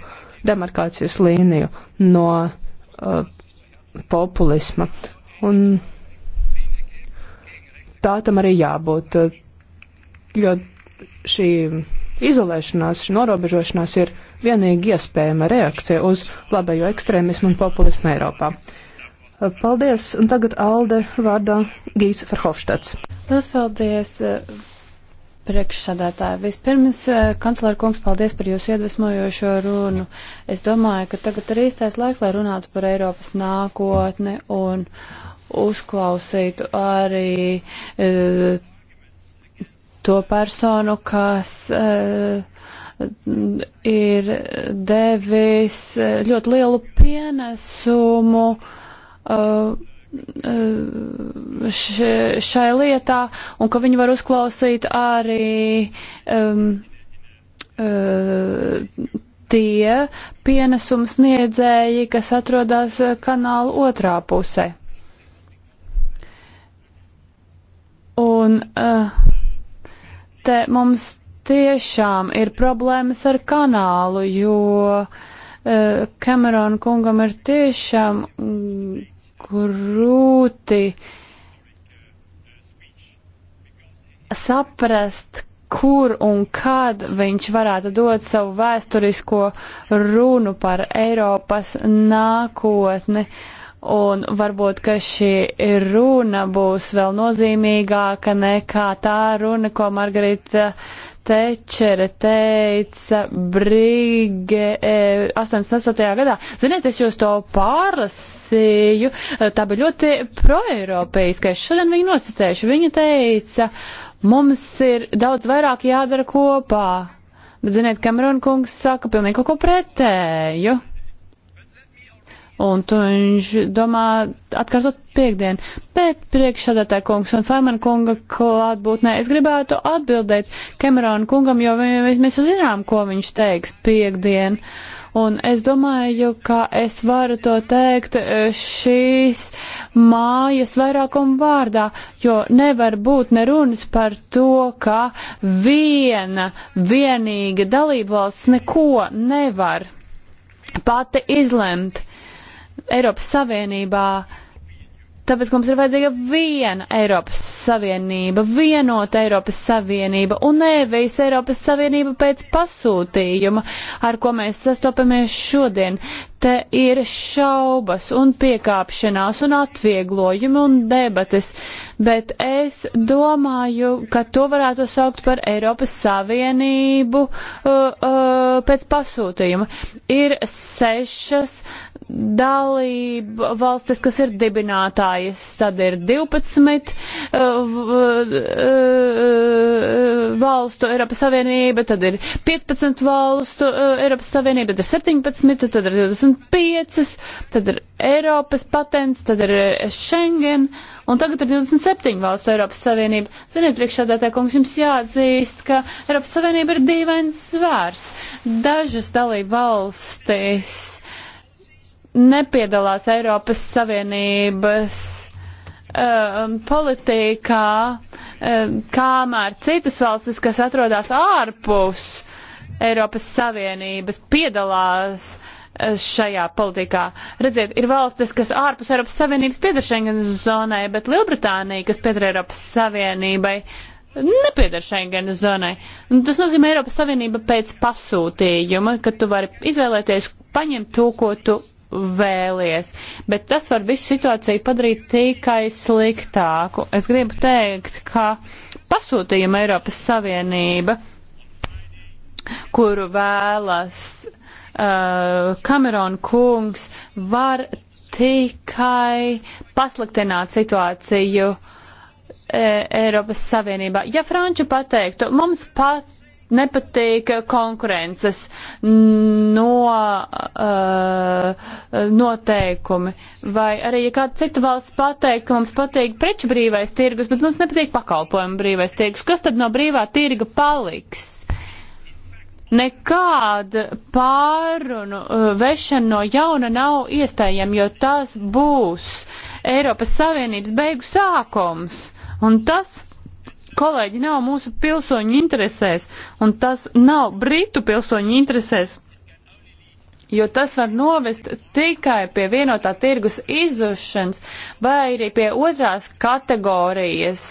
demarkācijas līniju no uh, populisma. Un tā tam arī jābūt, uh, jo šī izolēšanās, šī norobežošanās ir vienīgi iespējama reakcija uz labējo ekstrēmismu un populismu Eiropā. Uh, Paldies, un tagad Alde vārdā Gīs Ferhofštats. Lielas paldies, eh, priekšsādātāji. Vispirms, eh, kanclēra kungs, paldies par jūsu iedvesmojošo runu. Es domāju, ka tagad ir īstais laiks, lai runātu par Eiropas nākotni un uzklausītu arī e, to personu, kas e, ir devis ļoti lielu pienesumu Uh, uh, šai lietā, un ka viņi var uzklausīt arī um, uh, tie pienesumu sniedzēji, kas atrodas kanāla otrā pusē. Un uh, te mums tiešām ir problēmas ar kanālu, jo Kamerona uh, kungam ir tiešām mm, grūti saprast, kur un kad viņš varētu dot savu vēsturisko runu par Eiropas nākotni. Un varbūt, ka šī runa būs vēl nozīmīgāka nekā tā runa, ko Margarita uh, Tečere teica Brīge e, 88. gadā. Ziniet, es jūs to pārlasīju, e, tā bija ļoti proeiropeiska. Es šodien viņu nosacēšu. Viņa teica, mums ir daudz vairāk jādara kopā. Bet ziniet, Kamerun kungs saka pilnīgi kaut ko pretēju. Un to viņš domā atkārtot piekdien. Bet priekšsādātāja kungs un Faimana kunga klātbūtnē es gribētu atbildēt Kemerona kungam, jo vi, mēs jau zinām, ko viņš teiks piekdien. Un es domāju, ka es varu to teikt e, šīs mājas vairākumu vārdā, jo nevar būt nerunas par to, ka viena, vienīga dalībvalsts neko nevar pati izlemt. Eiropas Savienībā. Tāpēc mums ir vajadzīga viena Eiropas Savienība, vienota Eiropas Savienība un nevis Eiropas Savienība pēc pasūtījuma, ar ko mēs sastopamies šodien. Te ir šaubas un piekāpšanās un atvieglojumi un debates, bet es domāju, ka to varētu saukt par Eiropas Savienību uh, uh, pēc pasūtījuma. Ir sešas uh, dalība valstis, kas ir dibinātājas, tad ir 12 uh, uh, uh, valstu Eiropas Savienība, tad ir 15 valstu uh, Eiropas Savienība, tad ir 17, tad ir 25, tad ir Eiropas patents, tad ir uh, Schengen, un tagad ir 27 valstu Eiropas Savienība. Ziniet, priekšādātā kungs jums jāatzīst, ka Eiropas Savienība ir dīvains zvērs. Dažas dalība valstis nepiedalās Eiropas Savienības uh, politikā, uh, kamēr citas valstis, kas atrodas ārpus Eiropas Savienības, piedalās uh, šajā politikā. Redziet, ir valstis, kas ārpus Eiropas Savienības piedar Schengen zonai, bet Lielbritānija, kas piedar Eiropas Savienībai, nepieder Schengen zonai. Tas nozīmē Eiropas Savienība pēc pasūtījuma, ka tu vari izvēlēties paņemt to, ko tu vēlies, bet tas var visu situāciju padarīt tikai sliktāku. Es gribu teikt, ka pasūtījuma Eiropas Savienība, kuru vēlas uh, Kamerona kungs, var tikai pasliktināt situāciju e, Eiropas Savienībā. Ja Franču pateiktu, mums pat nepatīk konkurences no, uh, noteikumi. Vai arī, ja kāda cita valsts pateikt, ka mums patīk preču brīvais tirgus, bet mums nepatīk pakalpojumu brīvais tirgus, kas tad no brīvā tirga paliks? Nekāda pārunu uh, vešana no jauna nav iespējama, jo tas būs Eiropas Savienības beigu sākums. Un tas kolēģi, nav mūsu pilsoņu interesēs, un tas nav Britu pilsoņu interesēs, jo tas var novest tikai pie vienotā tirgus izzušanas vai arī pie otrās kategorijas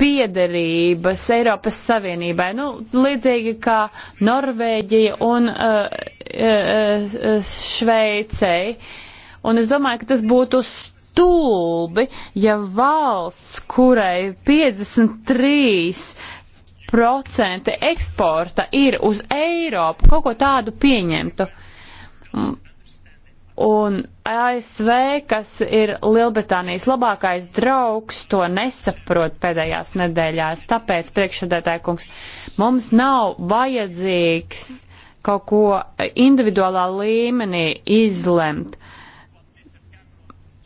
piederības Eiropas Savienībai, nu, līdzīgi kā Norvēģija un uh, uh, uh, Šveicei. Un es domāju, ka tas būtu uz stulbi, ja valsts, kurai 53% eksporta ir uz Eiropu, kaut ko tādu pieņemtu. Un ASV, kas ir Lielbritānijas labākais draugs, to nesaprot pēdējās nedēļās. Tāpēc, priekšsēdētāji kungs, mums nav vajadzīgs kaut ko individuālā līmenī izlemt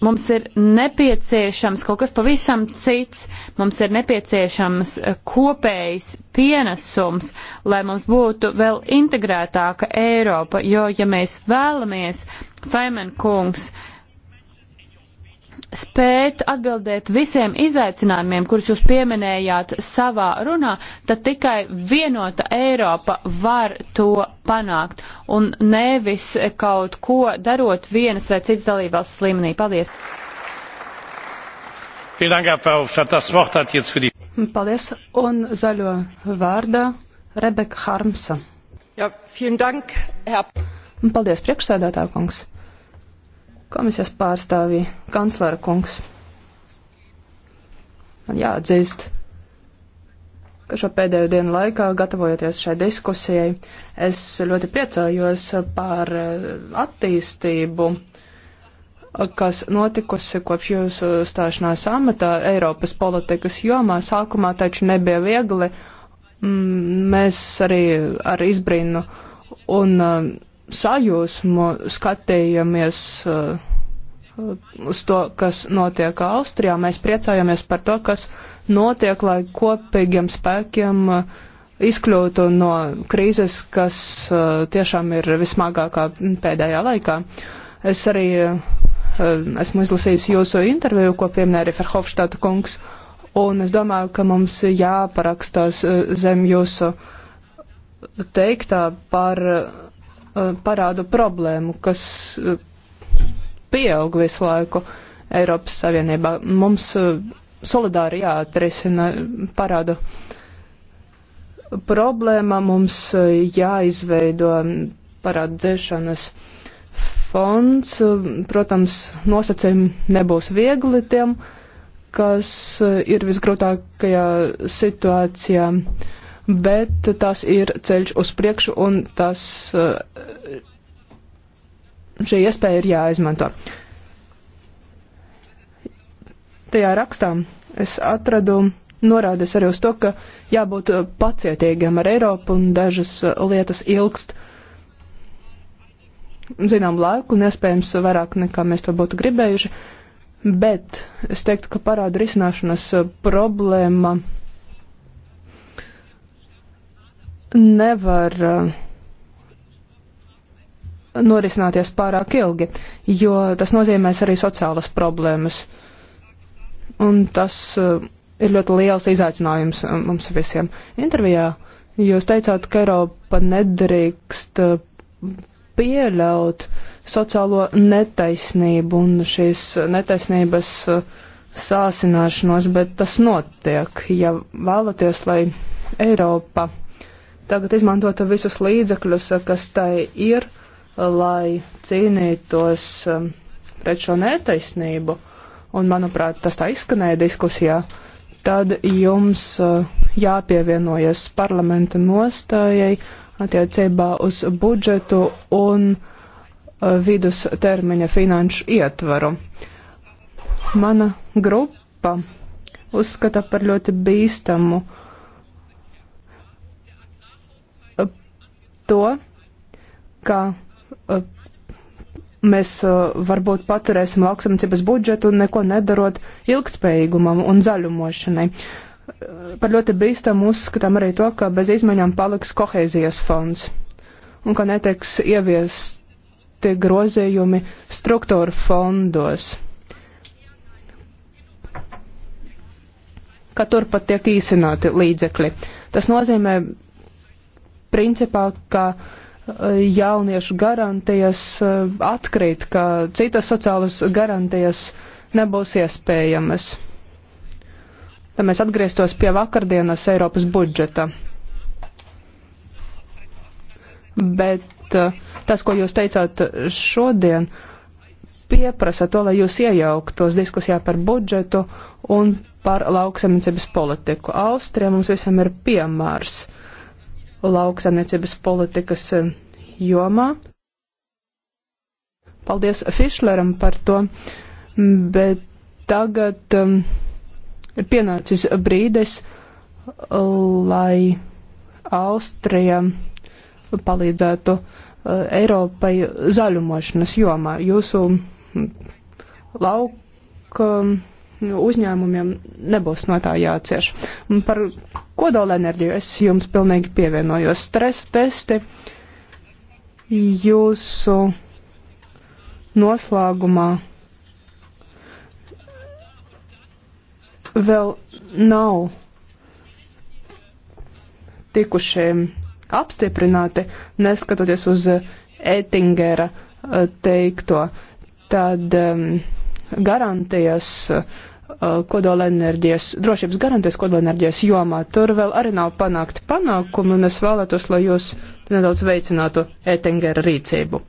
mums ir nepieciešams kaut kas pavisam cits, mums ir nepieciešams eh, kopējs pienesums, lai mums būtu vēl integrētāka Eiropa, jo ja mēs vēlamies, Faimen kungs, uh, spēt atbildēt visiem izaicinājumiem, kurus jūs pieminējāt savā runā, tad tikai vienota Eiropa var to panākt un nevis kaut ko darot vienas vai citas dalībvalsts slimnī. Paldies! Paldies! Un zaļo vārdā Rebeka Harmsa. Ja, dank, Paldies, priekšsēdētā kungs! komisijas pārstāvji, kanclera kungs. Man jāatzīst, ka šo pēdējo dienu laikā, gatavojoties šai diskusijai, es ļoti priecājos par eh, attīstību, kas notikusi kopš jūsu stāšanās amatā Eiropas politikas jomā. Sākumā taču nebija viegli. Mēs arī ar izbrīnu un uh, sajūsmu skatījāmies uh, uz to, kas notiek Austrijā. Mēs priecājamies par to, kas notiek, lai kopīgiem spēkiem uh, izkļūtu no krīzes, kas uh, tiešām ir vismagākā pēdējā laikā. Es arī esmu izlasījusi jūsu interviju, ko pieminēja arī Ferhofštāta kungs, un es domāju, ka mums jāparakstās zem jūsu teiktā par Uh, parāda problēmu, kas uh, pieaug visu laiku Eiropas Savienībā. Mums uh, solidāri jāatrisina parādu problēma, mums jāizveido parādu dzēšanas fonds. Protams, nosacījumi nebūs viegli tiem, kas ir visgrūtākajā situācijā. Uh, bet tas ir ceļš uz priekšu un tas, eh, šī iespēja ir jāizmanto. Tajā rakstā es atradu norādes arī uz to, ka jābūt eh, pacietīgiem ar Eiropu un dažas eh, lietas ilgst zinām laiku, un iespējams vairāk nekā mēs to būtu gribējuši, bet es teiktu, ka parāda risināšanas problēma nevar eh, norisināties pārāk ilgi, jo tas nozīmēs arī sociālas problēmas. Un tas eh, ir ļoti liels izaicinājums eh, mums visiem. Intervijā jūs teicāt, ka Eiropa nedrīkst pieļaut sociālo netaisnību un šīs netaisnības sāsināšanos, bet tas notiek. Ja vēlaties, lai Eiropa tagad izmantotu visus līdzekļus, eh, kas tai ir, lai cīnītos eh, pret šo netaisnību, un, manuprāt, tas tā izskanēja diskusijā, tad jums eh, jāpievienojas parlamenta nostājai attiecībā uz budžetu un vidus termiņa finanšu ietvaru. Mana grupa uzskata par ļoti bīstamu uh, to, ka uh, mēs uh, varbūt paturēsim lauksamniecības budžetu un neko nedarot ilgtspējīgumam un zaļumošanai. Uh, par ļoti bīstamu uzskatām arī to, ka bez izmaiņām paliks kohēzijas fonds un ka netiks ieviesti grozījumi struktūra fondos. Ka turpat tiek īsināti līdzekļi. Tas nozīmē principā, ka eh, jauniešu garantijas eh, atkrīt, ka citas sociālas garantijas nebūs iespējamas. Tad mēs atgrieztos pie vakardienas Eiropas budžeta. Bet eh, tas, ko jūs teicāt šodien, pieprasa to, lai jūs iejauktos diskusijā par budžetu un par lauksemniecības politiku. Austrija mums visam ir piemērs. Uh, lauksaimniecības politikas eh, jomā. Paldies Fišleram par to, bet tagad um, ir pienācis brīdis, lai Austrija palīdzētu uh, Eiropai zaļumošanas jomā. Jūsu lauka. Um, uzņēmumiem nebūs no tā jācieš. Un par kodolenerģiju es jums pilnīgi pievienojos. Stress testi jūsu noslēgumā vēl nav tikuši apstiprināti, neskatoties uz Ettingera eh, teikto, tad um, garantijas uh, Uh, kodolenerģijas, drošības garantijas kodolenerģijas jomā. Tur vēl arī nav panākti panākumi, un es vēlētos, lai jūs nedaudz veicinātu Ettingera rīcību.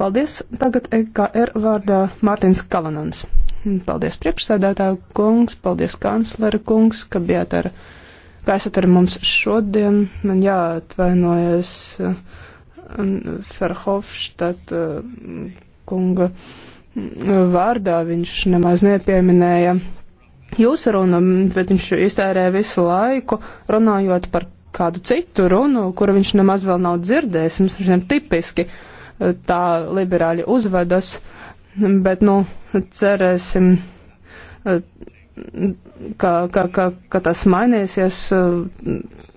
Paldies. Tagad EKR vārdā Mārtiņš Kalanans. Paldies priekšsēdētāju kungs, paldies kanclera kungs, ka bijāt ar, ka esat ar mums šodien. Man jāatvainojas uh, Ferhofštat uh, kunga. Uh, vārdā viņš nemaz nepieminēja jūsu runu, bet viņš iztērēja visu laiku runājot par kādu citu runu, kuru viņš nemaz vēl nav dzirdējis. Mums viņam tipiski eh, tā liberāļi uzvedas, bet, nu, cerēsim, eh, ka, ka, ka, ka tas mainīsies. Eh,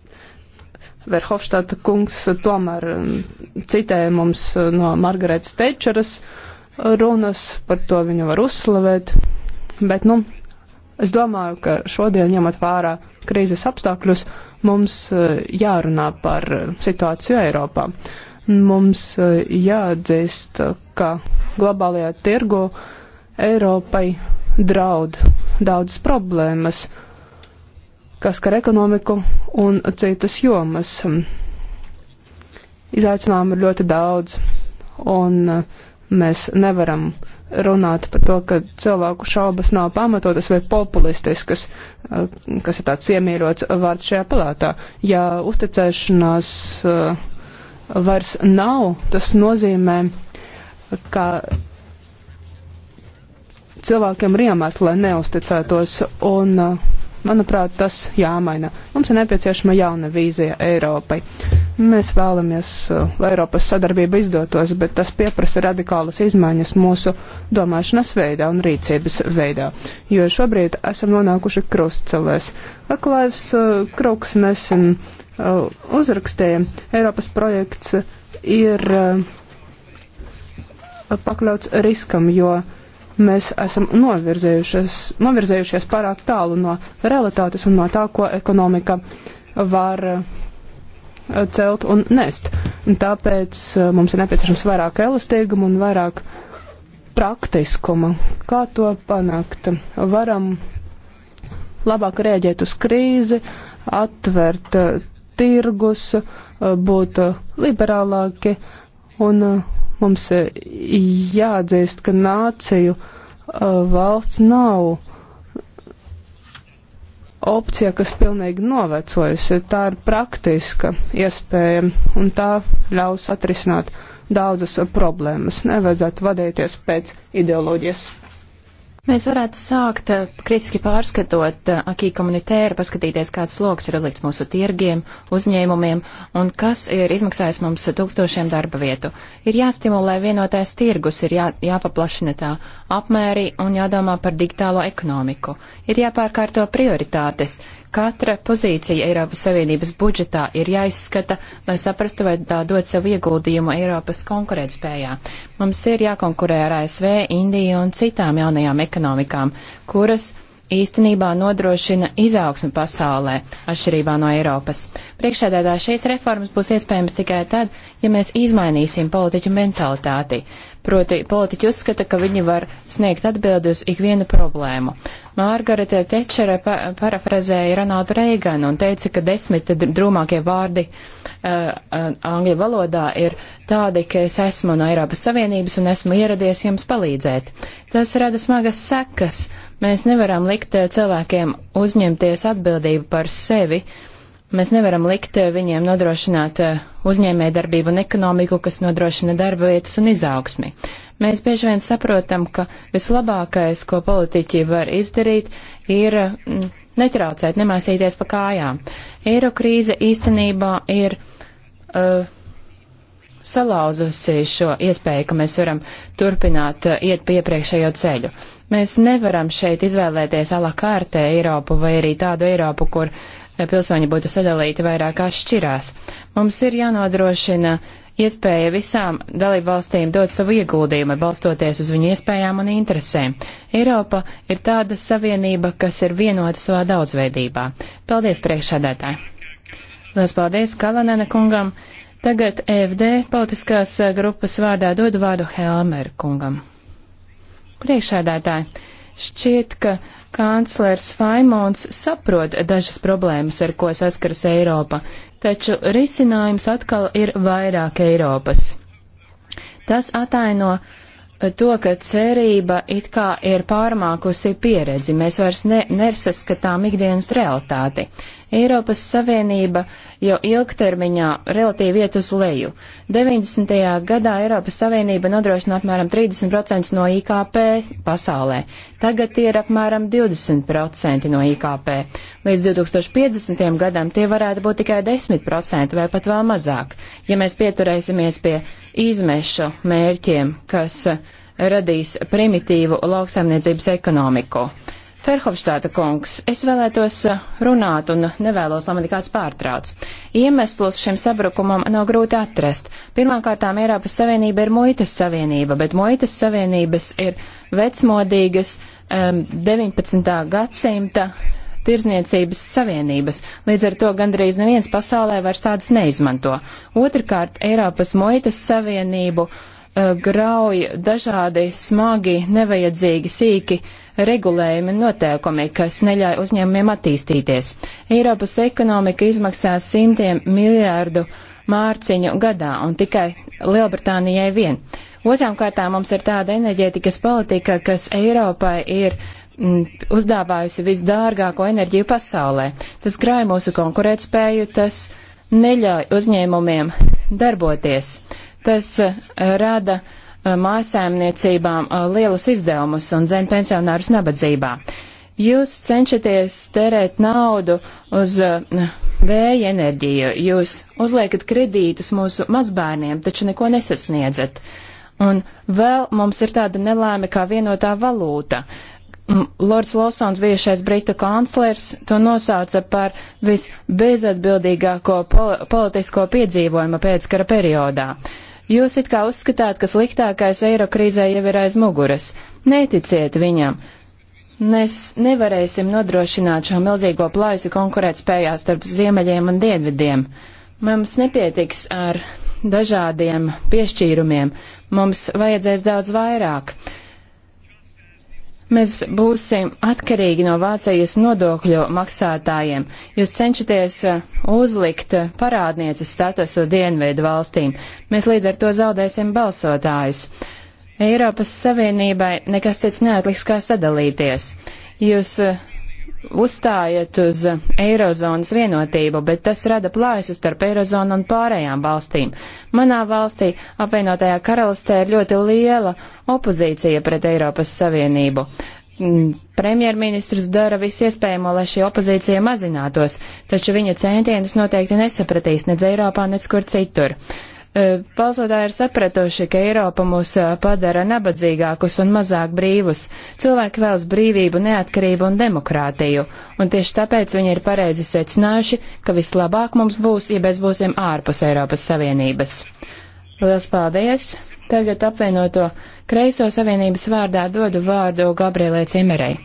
Verhofstadta kungs tomēr citēja mums no Margaretas Tečeras. Uh, runas, par to viņu var uzslavēt, bet, nu, es domāju, ka šodien, ņemot vērā krīzes apstākļus, mums eh, jārunā par eh, situāciju Eiropā. Mums eh, jāatdzīst, ka globālajā tirgu Eiropai draud daudzas problēmas, kas skar ekonomiku un citas jomas. Izaicinājumu ir ļoti daudz, un uh, Mēs nevaram runāt par to, ka cilvēku šaubas nav pamatotas vai populistiskas, eh, kas ir tāds iemīļots vārds šajā palātā. Ja uzticēšanās eh, vairs nav, tas nozīmē, ka cilvēkiem ir iemesli, lai neusticētos, un uh, Manuprāt, tas jāmaina. Mums ir nepieciešama jauna vīzija Eiropai. Mēs vēlamies, uh, lai Eiropas sadarbība izdotos, bet tas pieprasa radikālas izmaiņas mūsu domāšanas veidā un rīcības veidā, jo šobrīd esam nonākuši krustcelēs. Aklaivs uh, Kruks nesen uh, uzrakstīja, Eiropas projekts ir pakļauts riskam, jo mēs esam novirzējušies, novirzējušies pārāk tālu no realitātes un no tā, ko ekonomika var eh, celt un nest. Un tāpēc eh, mums ir nepieciešams vairāk elastīguma un vairāk praktiskuma. Kā to panākt? Varam labāk rēģēt uz krīzi, atvērt eh, tirgus, būt liberālāki un Mums e, jāatdzīst, ka nāciju e, valsts nav opcija, kas pilnīgi novecojusi. Tā ir praktiska iespēja un tā ļaus atrisināt daudzas problēmas. Nevajadzētu vadīties pēc ideoloģijas. Mēs varētu sākt eh, kritiski pārskatot eh, akī komunitēru, paskatīties, kāds sloks ir uzlikts mūsu tirgiem, uzņēmumiem un kas ir izmaksājis mums tūkstošiem darba vietu. Ir jāstimulē vienotais tirgus, ir jā, jāpaplašina tā apmēri un jādomā par digitālo ekonomiku. Ir jāpārkārto prioritātes, Katra pozīcija Eiropas Savienības budžetā ir jāizskata, lai saprastu, vai tā dod savu ieguldījumu Eiropas konkurētspējā. Mums ir jākonkurē ar ASV, Indiju un citām jaunajām ekonomikām, kuras īstenībā nodrošina izaugsmu pasaulē, atšķirībā no Eiropas. Priekšsēdētā šīs reformas būs iespējams tikai tad, ja mēs izmainīsim politiķu mentalitāti. Proti, politiķi uzskata, ka viņi var sniegt atbildi uz ikvienu problēmu. Margarete Tečere pa parafrazēja Ronaldu Reiganu un teica, ka desmit drūmākie vārdi uh, uh, angļu valodā ir tādi, ka es esmu no Eiropas Savienības un esmu ieradies jums palīdzēt. Tas rada smagas sekas Mēs nevaram likt eh, cilvēkiem uzņemties atbildību par sevi. Mēs nevaram likt eh, viņiem nodrošināt eh, uzņēmē darbību un ekonomiku, kas nodrošina darba vietas un izaugsmi. Mēs bieži vien saprotam, ka vislabākais, ko politiķi var izdarīt, ir mm, netraucēt, nemāsīties pa kājām. Eiro krīze īstenībā ir. Uh, salauzusi šo iespēju, ka mēs varam turpināt iet pie iepriekšējo ceļu. Mēs nevaram šeit izvēlēties ala kārtē Eiropu vai arī tādu Eiropu, kur pilsoņi būtu sadalīti vairākās šķirās. Mums ir jānodrošina iespēja visām dalībvalstīm dot savu ieguldījumu, balstoties uz viņu iespējām un interesēm. Eiropa ir tāda savienība, kas ir vienota savā daudzveidībā. Paldies priekšsādētāji! Lielas paldies Kalanēna kungam! Tagad EFD politiskās grupas vārdā dodu vārdu Helmer kungam. Priekšādātāji, šķiet, ka kanclers Faimons saprot dažas problēmas, ar ko saskaras Eiropa, taču risinājums atkal ir vairāk Eiropas. Tas ataino to, ka cerība it kā ir pārmākusi pieredzi, mēs vairs ne, nesaskatām ikdienas realitāti. Eiropas Savienība jau ilgtermiņā relatīvi iet uz leju. 90. gadā Eiropas Savienība nodrošina apmēram 30% no IKP pasaulē. Tagad tie ir apmēram 20% no IKP. Līdz 2050. gadam tie varētu būt tikai 10% vai pat vēl mazāk, ja mēs pieturēsimies pie izmešu mērķiem, kas radīs primitīvu lauksaimniecības ekonomiku. Ferhofštāta kungs, es vēlētos uh, runāt un nevēlos, lai man kāds pārtrauc. Iemesls šim sabrukumam nav grūti atrast. Pirmkārtām Eiropas Savienība ir muitas savienība, bet muitas savienības ir vecmodīgas um, 19. gadsimta tirdzniecības savienības, līdz ar to gandrīz neviens pasaulē vairs tādas neizmanto. Otrakārt, Eiropas muitas savienību uh, grauj dažādi smagi, nevajadzīgi, sīki uh, regulējumi un noteikumi, kas neļauj uzņēmumiem attīstīties. Eiropas ekonomika izmaksā simtiem miljārdu mārciņu gadā un tikai Lielbritānijai vien. Otrām kārtām mums ir tāda enerģētikas politika, kas Eiropai ir mm, uzdāvājusi visdārgāko enerģiju pasaulē. Tas krāj mūsu konkurētspēju, tas neļauj uzņēmumiem darboties. Tas uh, rada uh, Eh, mājasēmniecībām eh, lielus izdevumus un dzen pensionārus nabadzībā. Jūs cenšaties terēt naudu uz eh, vēja enerģiju, jūs uzliekat kredītus mūsu mazbērniem, taču neko nesasniedzat. Un vēl mums ir tāda nelēma kā vienotā valūta. Lords Losons, bijušais Britu kanclers, to nosauca par visbezatbildīgāko pol politisko piedzīvojumu pēckara periodā. Uh, Jūs it kā uzskatāt, ka sliktākais eiro krīzē jau ir aiz muguras. Neticiet viņam. Mēs nevarēsim nodrošināt šo milzīgo plaisu konkurētspējā starp ziemeļiem un dienvidiem. Mums nepietiks ar dažādiem piešķīrumiem. Mums vajadzēs daudz vairāk. Mēs būsim atkarīgi no Vācijas nodokļu maksātājiem. Jūs cenšaties uh, uzlikt uh, parādnieces statusu dienveidu valstīm. Mēs līdz ar to zaudēsim balsotājus. Eiropas Savienībai nekas cits neatliks kā sadalīties. Jūs uh, uzstājiet uz Eirozonas vienotību, bet tas rada plājas starp Eirozonu un pārējām valstīm. Manā valstī, apvienotajā karalistē, ir ļoti liela opozīcija pret Eiropas Savienību. Mm, premjerministrs dara visu iespējamo, lai šī opozīcija mazinātos, taču viņa centienus noteikti nesapratīs nec Eiropā, nec kur citur. Balsotāji ir sapratuši, ka Eiropa mūs padara nabadzīgākus un mazāk brīvus. Cilvēki vēlas brīvību, neatkarību un demokrātiju, un tieši tāpēc viņi ir pareizi secinājuši, ka vislabāk mums būs, ja mēs būsim ārpus Eiropas Savienības. Lielas paldies! Tagad apvienoto Kreiso Savienības vārdā dodu vārdu Gabrielē Cimerei.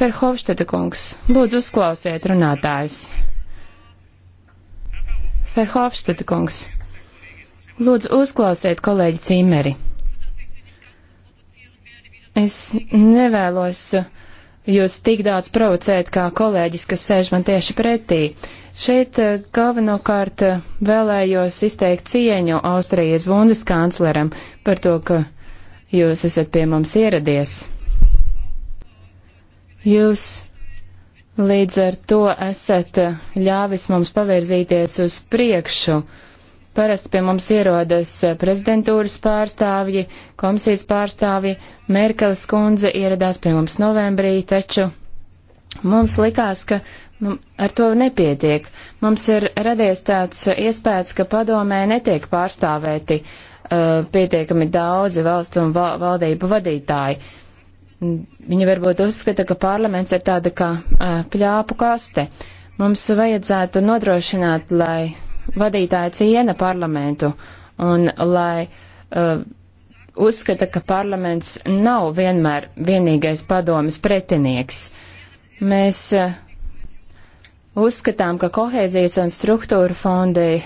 Ferhofšteta kungs, lūdzu uzklausiet runātājus. Ferhofšteta kungs. Lūdzu, uzklausiet kolēģi Cimeri. Es nevēlos jūs tik daudz provocēt kā kolēģis, kas sēž man tieši pretī. Šeit eh, galvenokārt eh, vēlējos izteikt cieņu Austrijas bundeskancleram par to, ka jūs esat pie mums ieradies. Jūs līdz ar to esat eh, ļāvis mums pavirzīties uz priekšu Parasti pie mums ierodas eh, prezidentūras pārstāvji, komisijas pārstāvji. Merkeles kundze ieradās pie mums novembrī, taču mums likās, ka ar to nepietiek. Mums ir radies tāds iespējas, ka padomē netiek pārstāvēti uh, pietiekami daudzi valstu un val valdību vadītāji. Viņi varbūt uzskata, ka parlaments ir tāda kā uh, pļāpu kaste. Mums vajadzētu nodrošināt, lai vadītāja ciena parlamentu un lai uh, uzskata, ka parlaments nav vienmēr vienīgais padomas pretinieks. Mēs uh, uzskatām, ka kohēzijas un struktūra fondi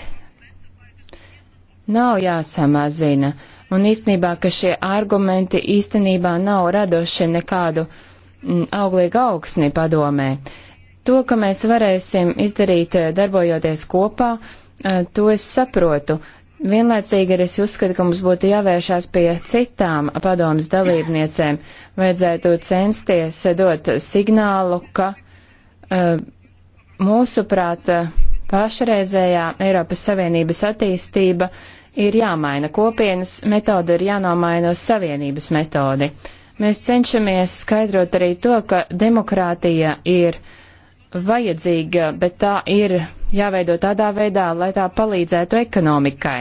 nav jāsamazina, un īstenībā, ka šie argumenti īstenībā nav radoši nekādu mm, auglīgu augsni padomē. To, ka mēs varēsim izdarīt eh, darbojoties kopā, uh, To es saprotu. Vienlaicīgi arī es uzskatu, ka mums būtu jāvēršās pie citām padomas dalībniecēm. Vajadzētu censties dot signālu, ka mūsuprāt pašreizējā Eiropas Savienības attīstība ir jāmaina. Kopienas metode ir jānomaina uz Savienības metodi. Mēs cenšamies skaidrot arī to, ka demokrātija ir vajadzīga, bet tā ir jāveido tādā veidā, lai tā palīdzētu ekonomikai.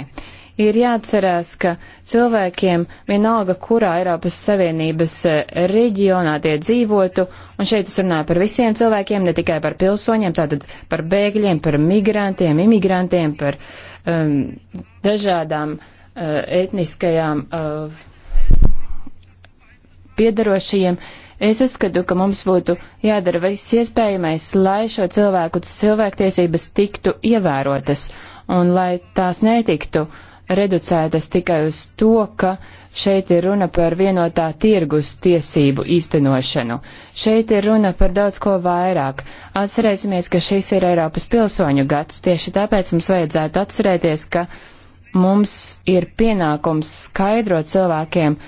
Ir jāatcerās, ka cilvēkiem vienalga, kurā Eiropas Savienības eh, reģionā tie dzīvotu, un šeit es runāju par visiem cilvēkiem, ne tikai par pilsoņiem, tātad par bēgļiem, par migrantiem, imigrantiem, par um, dažādām uh, etniskajām uh, piedarošajiem, uh, Es uzskatu, ka mums būtu jādara viss iespējamais, lai šo cilvēku cilvēktiesības tiktu ievērotas un lai tās netiktu reducētas tikai uz to, ka šeit ir runa par vienotā tirgus tiesību īstenošanu. Šeit ir runa par daudz ko vairāk. Atcerēsimies, ka šis ir Eiropas pilsoņu gads, tieši tāpēc mums vajadzētu atcerēties, ka mums ir pienākums skaidrot cilvēkiem,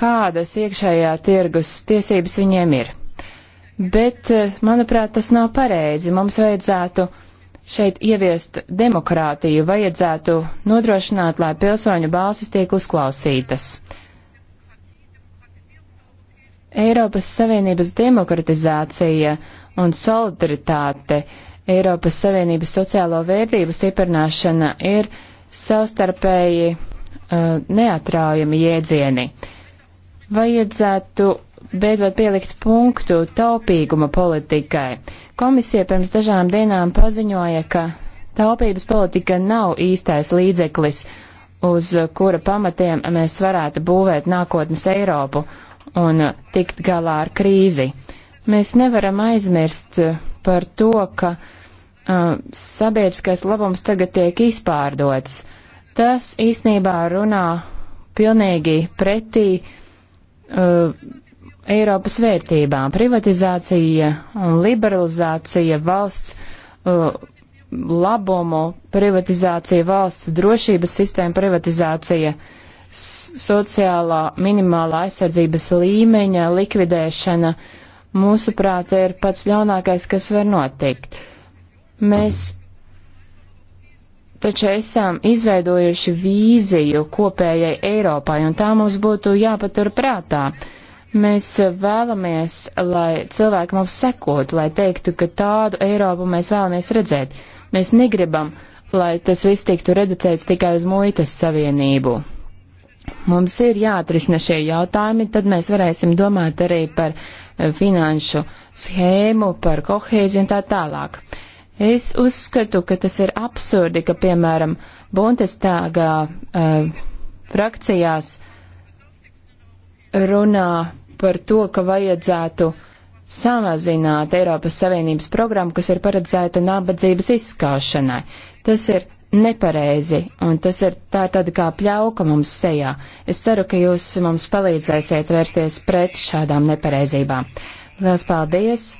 kādas iekšējā tirgus tiesības viņiem ir. Bet, eh, manuprāt, tas nav pareizi. Mums vajadzētu šeit ieviest demokrātiju, vajadzētu nodrošināt, lai pilsoņu balsis tiek uzklausītas. Eiropas Savienības demokratizācija un solidaritāte, Eiropas Savienības sociālo vērtību stiprināšana ir savstarpēji uh, neatraujami jēdzieni. Uh, vajadzētu beidzot pielikt punktu taupīguma politikai. Komisija pirms dažām dienām paziņoja, ka taupības politika nav īstais līdzeklis, uz kura pamatiem mēs varētu būvēt nākotnes Eiropu un tikt galā ar krīzi. Mēs nevaram aizmirst par to, ka uh, sabiedriskais labums tagad tiek izpārdots. Tas īsnībā runā pilnīgi pretī uh, uh, Eiropas vērtībām. Privatizācija un liberalizācija valsts uh, labumu, privatizācija valsts drošības sistēma, privatizācija sociālā minimālā aizsardzības līmeņa likvidēšana, mūsuprāt, ir pats ļaunākais, kas var notikt. Mēs taču esam izveidojuši vīziju kopējai Eiropai, un tā mums būtu jāpatur prātā. Mēs vēlamies, lai cilvēki mums sekotu, lai teiktu, ka tādu Eiropu mēs vēlamies redzēt. Mēs negribam, lai tas viss tiktu reducēts tikai uz muitas savienību. Mums ir jāatrisina šie jautājumi, tad mēs varēsim domāt arī par eh, finanšu schēmu, par kohēziju un tā tālāk. Es uzskatu, ka tas ir absurdi, ka, piemēram, Bundestagā uh, frakcijās runā par to, ka vajadzētu samazināt Eiropas Savienības programmu, kas ir paredzēta nabadzības izskaušanai. Tas ir nepareizi, un tas ir tā tāda kā pļauka mums sejā. Es ceru, ka jūs mums palīdzēsiet vērsties pret šādām nepareizībām. Lielas paldies!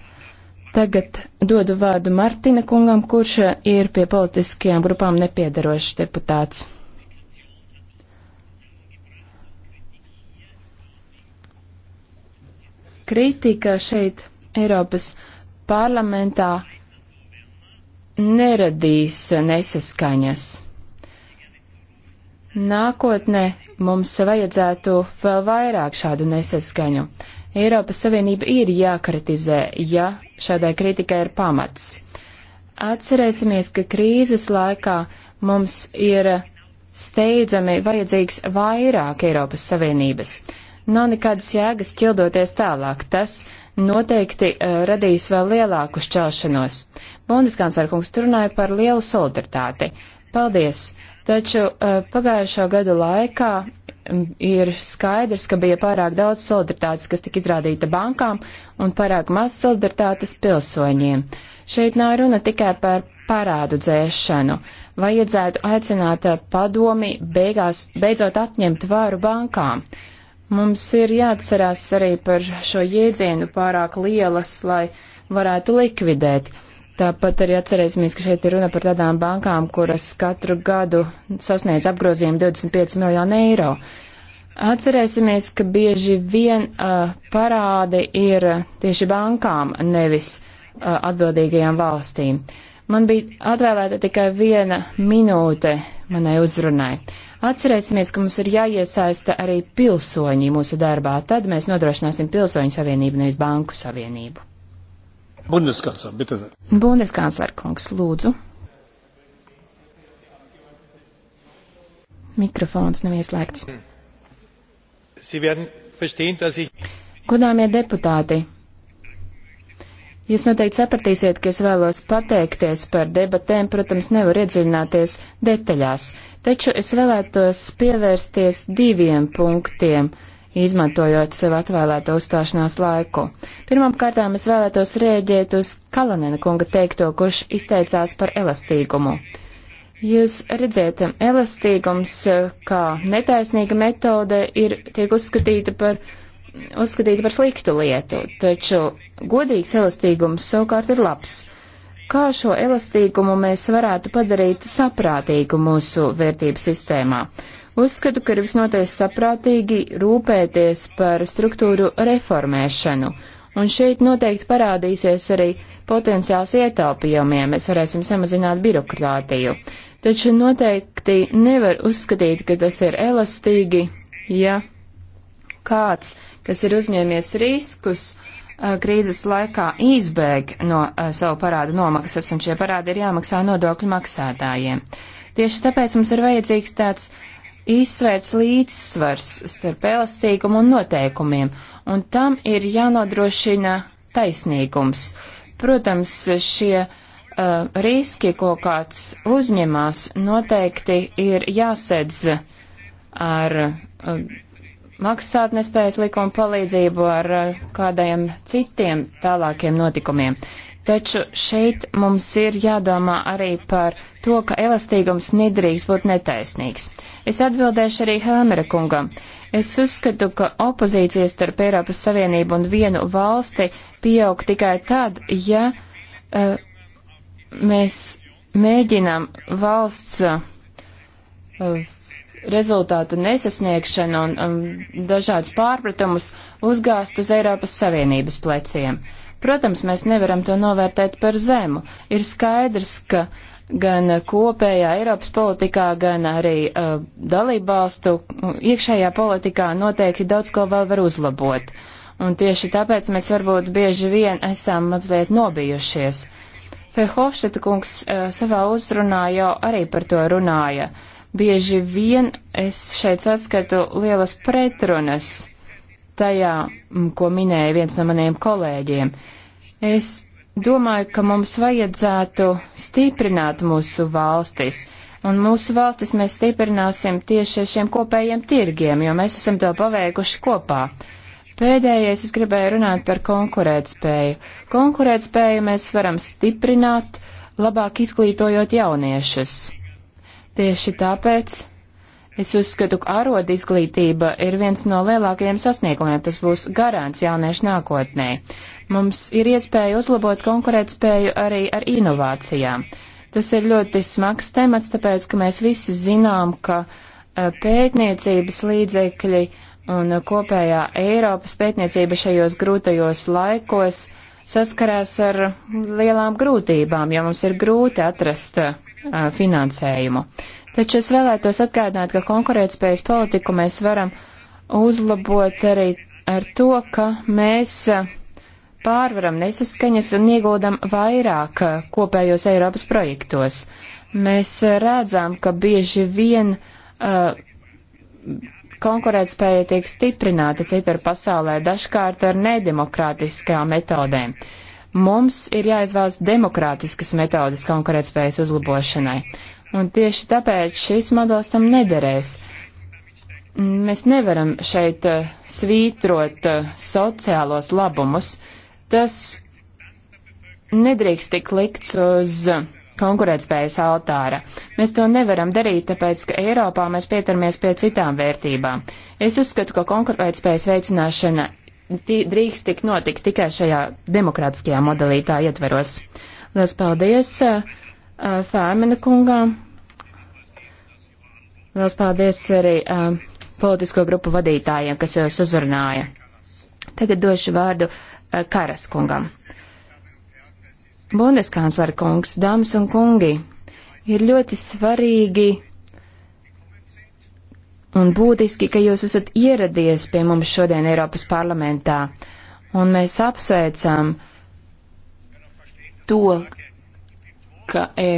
Tagad dodu vārdu Martina kungam, kurš ir pie politiskajām grupām nepiedarošs deputāts. Kritika šeit Eiropas parlamentā neradīs nesaskaņas. Nākotnē mums vajadzētu vēl vairāk šādu nesaskaņu. Eiropas Savienība ir jākritizē, ja šādai kritikai ir pamats. Atcerēsimies, ka krīzes laikā mums ir steidzami vajadzīgs vairāk Eiropas Savienības. Nav nekādas jēgas ķildoties tālāk. Tas noteikti uh, radīs vēl lielāku šķelšanos. Bundeskanclerkungs runāja par lielu solidaritāti. Paldies! Taču uh, eh, pagājušā gada laikā ir skaidrs, ka bija pārāk daudz solidaritātes, kas tika izrādīta bankām, un pārāk maz solidaritātes pilsoņiem. Šeit nav runa tikai par parādu dzēšanu. Vajadzētu aicināt padomi beigās, beidzot atņemt vāru bankām. Mums ir jāatcerās arī par šo jēdzienu pārāk lielas, lai varētu likvidēt. Uh, Tāpat arī atcerēsimies, ka šeit ir runa par tādām bankām, kuras katru gadu sasniedz apgrozījumu 25 miljonu eiro. Atcerēsimies, ka bieži vien uh, parādi ir tieši bankām, nevis uh, atbildīgajām valstīm. Man bija atvēlēta tikai viena minūte manai uzrunai. Atcerēsimies, ka mums ir jāiesaista arī pilsoņi mūsu darbā, tad mēs nodrošināsim pilsoņu savienību, nevis banku savienību. Bundeskancler, bitte. Bundeskancler kungs, lūdzu. Mikrofons nav ieslēgts. Verstehen, ich... Godāmie deputāti, jūs noteikti sapratīsiet, ka es vēlos pateikties par debatēm, protams, nevar iedziļināties detaļās, taču es vēlētos pievērsties diviem punktiem izmantojot sev atvēlēto uzstāšanās laiku. Pirmām kārtām es vēlētos rēģēt uz Kalanena kunga teikto, kurš izteicās par elastīgumu. Jūs redzēt, elastīgums kā netaisnīga metode ir, tiek uzskatīta par, uzskatīta par sliktu lietu, taču godīgs elastīgums savukārt ir labs kā šo elastīgumu mēs varētu padarīt saprātīgu mūsu vērtību sistēmā. Uzskatu, ka ir visnotaļ saprātīgi rūpēties par struktūru reformēšanu, un šeit noteikti parādīsies arī potenciāls ietaupījumiem, mēs varēsim samazināt birokrātiju. Taču noteikti nevar uzskatīt, ka tas ir elastīgi, ja kāds, kas ir uzņēmies riskus, krīzes laikā izbēg no savu parādu nomaksas, un šie parādi ir jāmaksā nodokļu maksātājiem. Tieši tāpēc mums ir vajadzīgs tāds izsvērts līdzsvars starp elastīgumu un noteikumiem, un tam ir jānodrošina taisnīgums. Protams, šie uh, riski, ko kāds uzņemās, noteikti ir jāsedz ar uh, maksātnespējas likuma palīdzību, ar uh, kādiem citiem tālākiem notikumiem. Uh, Taču šeit mums ir jādomā arī par to, ka elastīgums nedrīkst būt netaisnīgs. Es atbildēšu arī Helmera kungam. Es uzskatu, ka opozīcija starp Eiropas Savienību un vienu valsti pieaug tikai tad, ja uh, mēs mēģinām valsts uh, rezultātu nesasniegšanu un um, dažādus pārpratumus uzgāzt uz Eiropas Savienības pleciem. Uh, Protams, mēs nevaram to novērtēt par zemu. Ir skaidrs, ka gan kopējā Eiropas politikā, gan arī uh, dalībvalstu iekšējā politikā noteikti daudz ko vēl var uzlabot. Un tieši tāpēc mēs varbūt bieži vien esam mazliet nobijušies. Ferhofšteta kungs uh, savā uzrunā jau arī par to runāja. Bieži vien es šeit saskatu lielas pretrunas tajā, ko minēja viens no maniem kolēģiem. Es domāju, ka mums vajadzētu stiprināt mūsu valstis. Un mūsu valstis mēs stiprināsim tieši ar šiem kopējiem tirgiem, jo mēs esam to paveikuši kopā. Pēdējais es gribēju runāt par konkurētspēju. Konkurētspēju mēs varam stiprināt, labāk izglītojot jauniešus. Tieši tāpēc Es uzskatu, ka ārod izglītība ir viens no lielākajiem sasniegumiem. Tas būs garants jauniešu nākotnē. Mums ir iespēja uzlabot konkurētspēju arī ar inovācijām. Tas ir ļoti smags temats, tāpēc, ka mēs visi zinām, ka eh, pētniecības līdzekļi un kopējā Eiropas pētniecība šajos grūtajos laikos saskarās ar lielām grūtībām, jo mums ir grūti atrast eh, finansējumu. Taču es vēlētos atgādināt, ka konkurētspējas politiku mēs varam uzlabot arī ar to, ka mēs pārvaram nesaskaņas un ieguldam vairāk kopējos Eiropas projektos. Mēs redzam, ka bieži vien uh, konkurētspēja tiek stiprināta citur pasaulē, dažkārt ar nedemokrātiskām metodēm. Mums ir jāizvēlas demokrātiskas metodas konkurētspējas uzlabošanai. Un tieši tāpēc šis modelis tam nederēs. Mēs nevaram šeit eh, svītrot eh, sociālos labumus. Tas nedrīkst tik likts uz konkurētspējas altāra. Mēs to nevaram darīt, tāpēc, ka Eiropā mēs pieturamies pie citām vērtībām. Es uzskatu, ka konkurētspējas veicināšana drīkst tik notikt tikai šajā demokrātiskajā modelītā ietveros. Lielas paldies! Uh, Uh, Fēmena kungām. Liels paldies arī uh, politisko grupu vadītājiem, kas jūs uzrunāja. Tagad došu vārdu uh, Karas kungam. Bundeskanclera kungs, dāmas un kungi, ir ļoti svarīgi un būtiski, ka jūs esat ieradies pie mums šodien Eiropas parlamentā. Un mēs apsveicam to, ka e,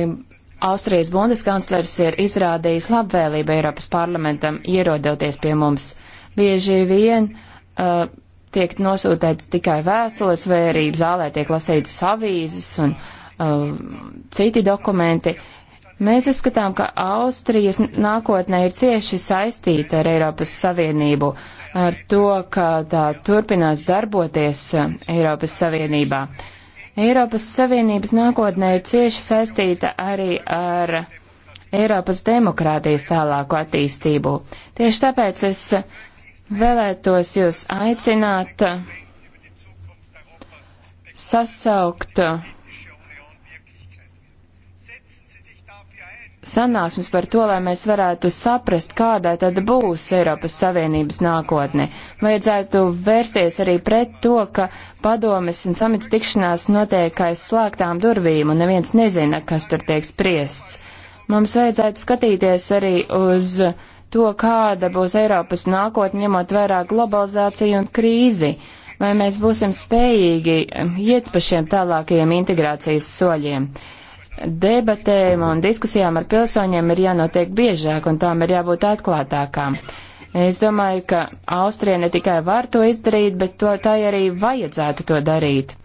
Austrijas bundeskanclers ir izrādījis labvēlību Eiropas parlamentam ierodoties pie mums. Bieži vien uh, tiek nosūtēts tikai vēstules vai arī zālē tiek lasītas avīzes un uh, citi dokumenti. Mēs uzskatām, ka Austrijas nākotnē ir cieši saistīta ar Eiropas Savienību, ar to, ka tā turpinās darboties Eiropas Savienībā. Uh, Eiropas Savienības nākotnē ir cieši saistīta arī ar Eiropas demokrātijas tālāku attīstību. Tieši tāpēc es vēlētos jūs aicināt sasaukt sanāksmes par to, lai mēs varētu saprast, kādā tad būs Eiropas Savienības nākotne. Vajadzētu vērsties arī pret to, ka padomes un samita tikšanās notiek aiz slēgtām durvīm un neviens nezina, kas tur tiek spriests. Mums vajadzētu skatīties arī uz to, kāda būs Eiropas nākotne, ņemot vērā globalizāciju un krīzi. Vai mēs būsim spējīgi um, iet pa šiem tālākajiem integrācijas soļiem? debatēm un diskusijām ar pilsoņiem ir jānotiek biežāk un tām ir jābūt atklātākām. Es domāju, ka Austrija ne tikai var to izdarīt, bet to, tai arī vajadzētu to darīt.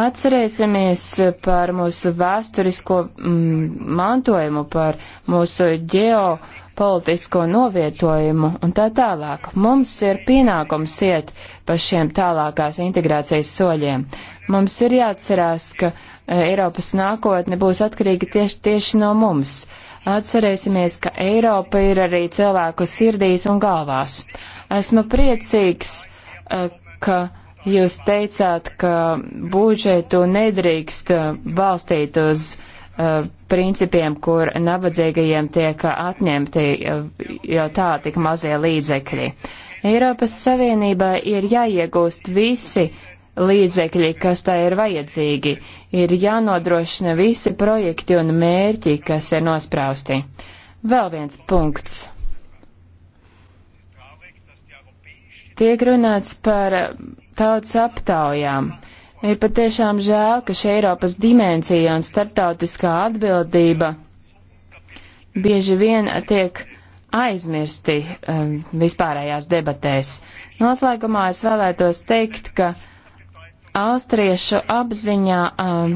Atcerēsimies par mūsu vēsturisko mm, mantojumu, par mūsu ģeopolitisko novietojumu un tā tālāk. Mums ir pienākums iet pa šiem tālākās integrācijas soļiem. Mums ir jāatcerās, ka uh, Eiropas nākotne būs atkarīga tieši, tieši no mums. Atcerēsimies, ka Eiropa ir arī cilvēku sirdīs un galvās. Esmu priecīgs, ka jūs teicāt, ka budžetu nedrīkst balstīt uz principiem, kur nabadzīgajiem tiek atņemti jau tā tik mazie līdzekļi. Eiropas Savienībai ir jāiegūst visi līdzekļi, kas tā ir vajadzīgi. Ir jānodrošina visi projekti un mērķi, kas ir nosprausti. Vēl viens punkts. Tiek runāts par tautas aptaujām. Ir patiešām žēl, ka šī Eiropas dimensija un starptautiskā atbildība bieži vien tiek aizmirsti um, vispārējās debatēs. Noslēgumā es vēlētos teikt, ka uh, Austriešu apziņā um,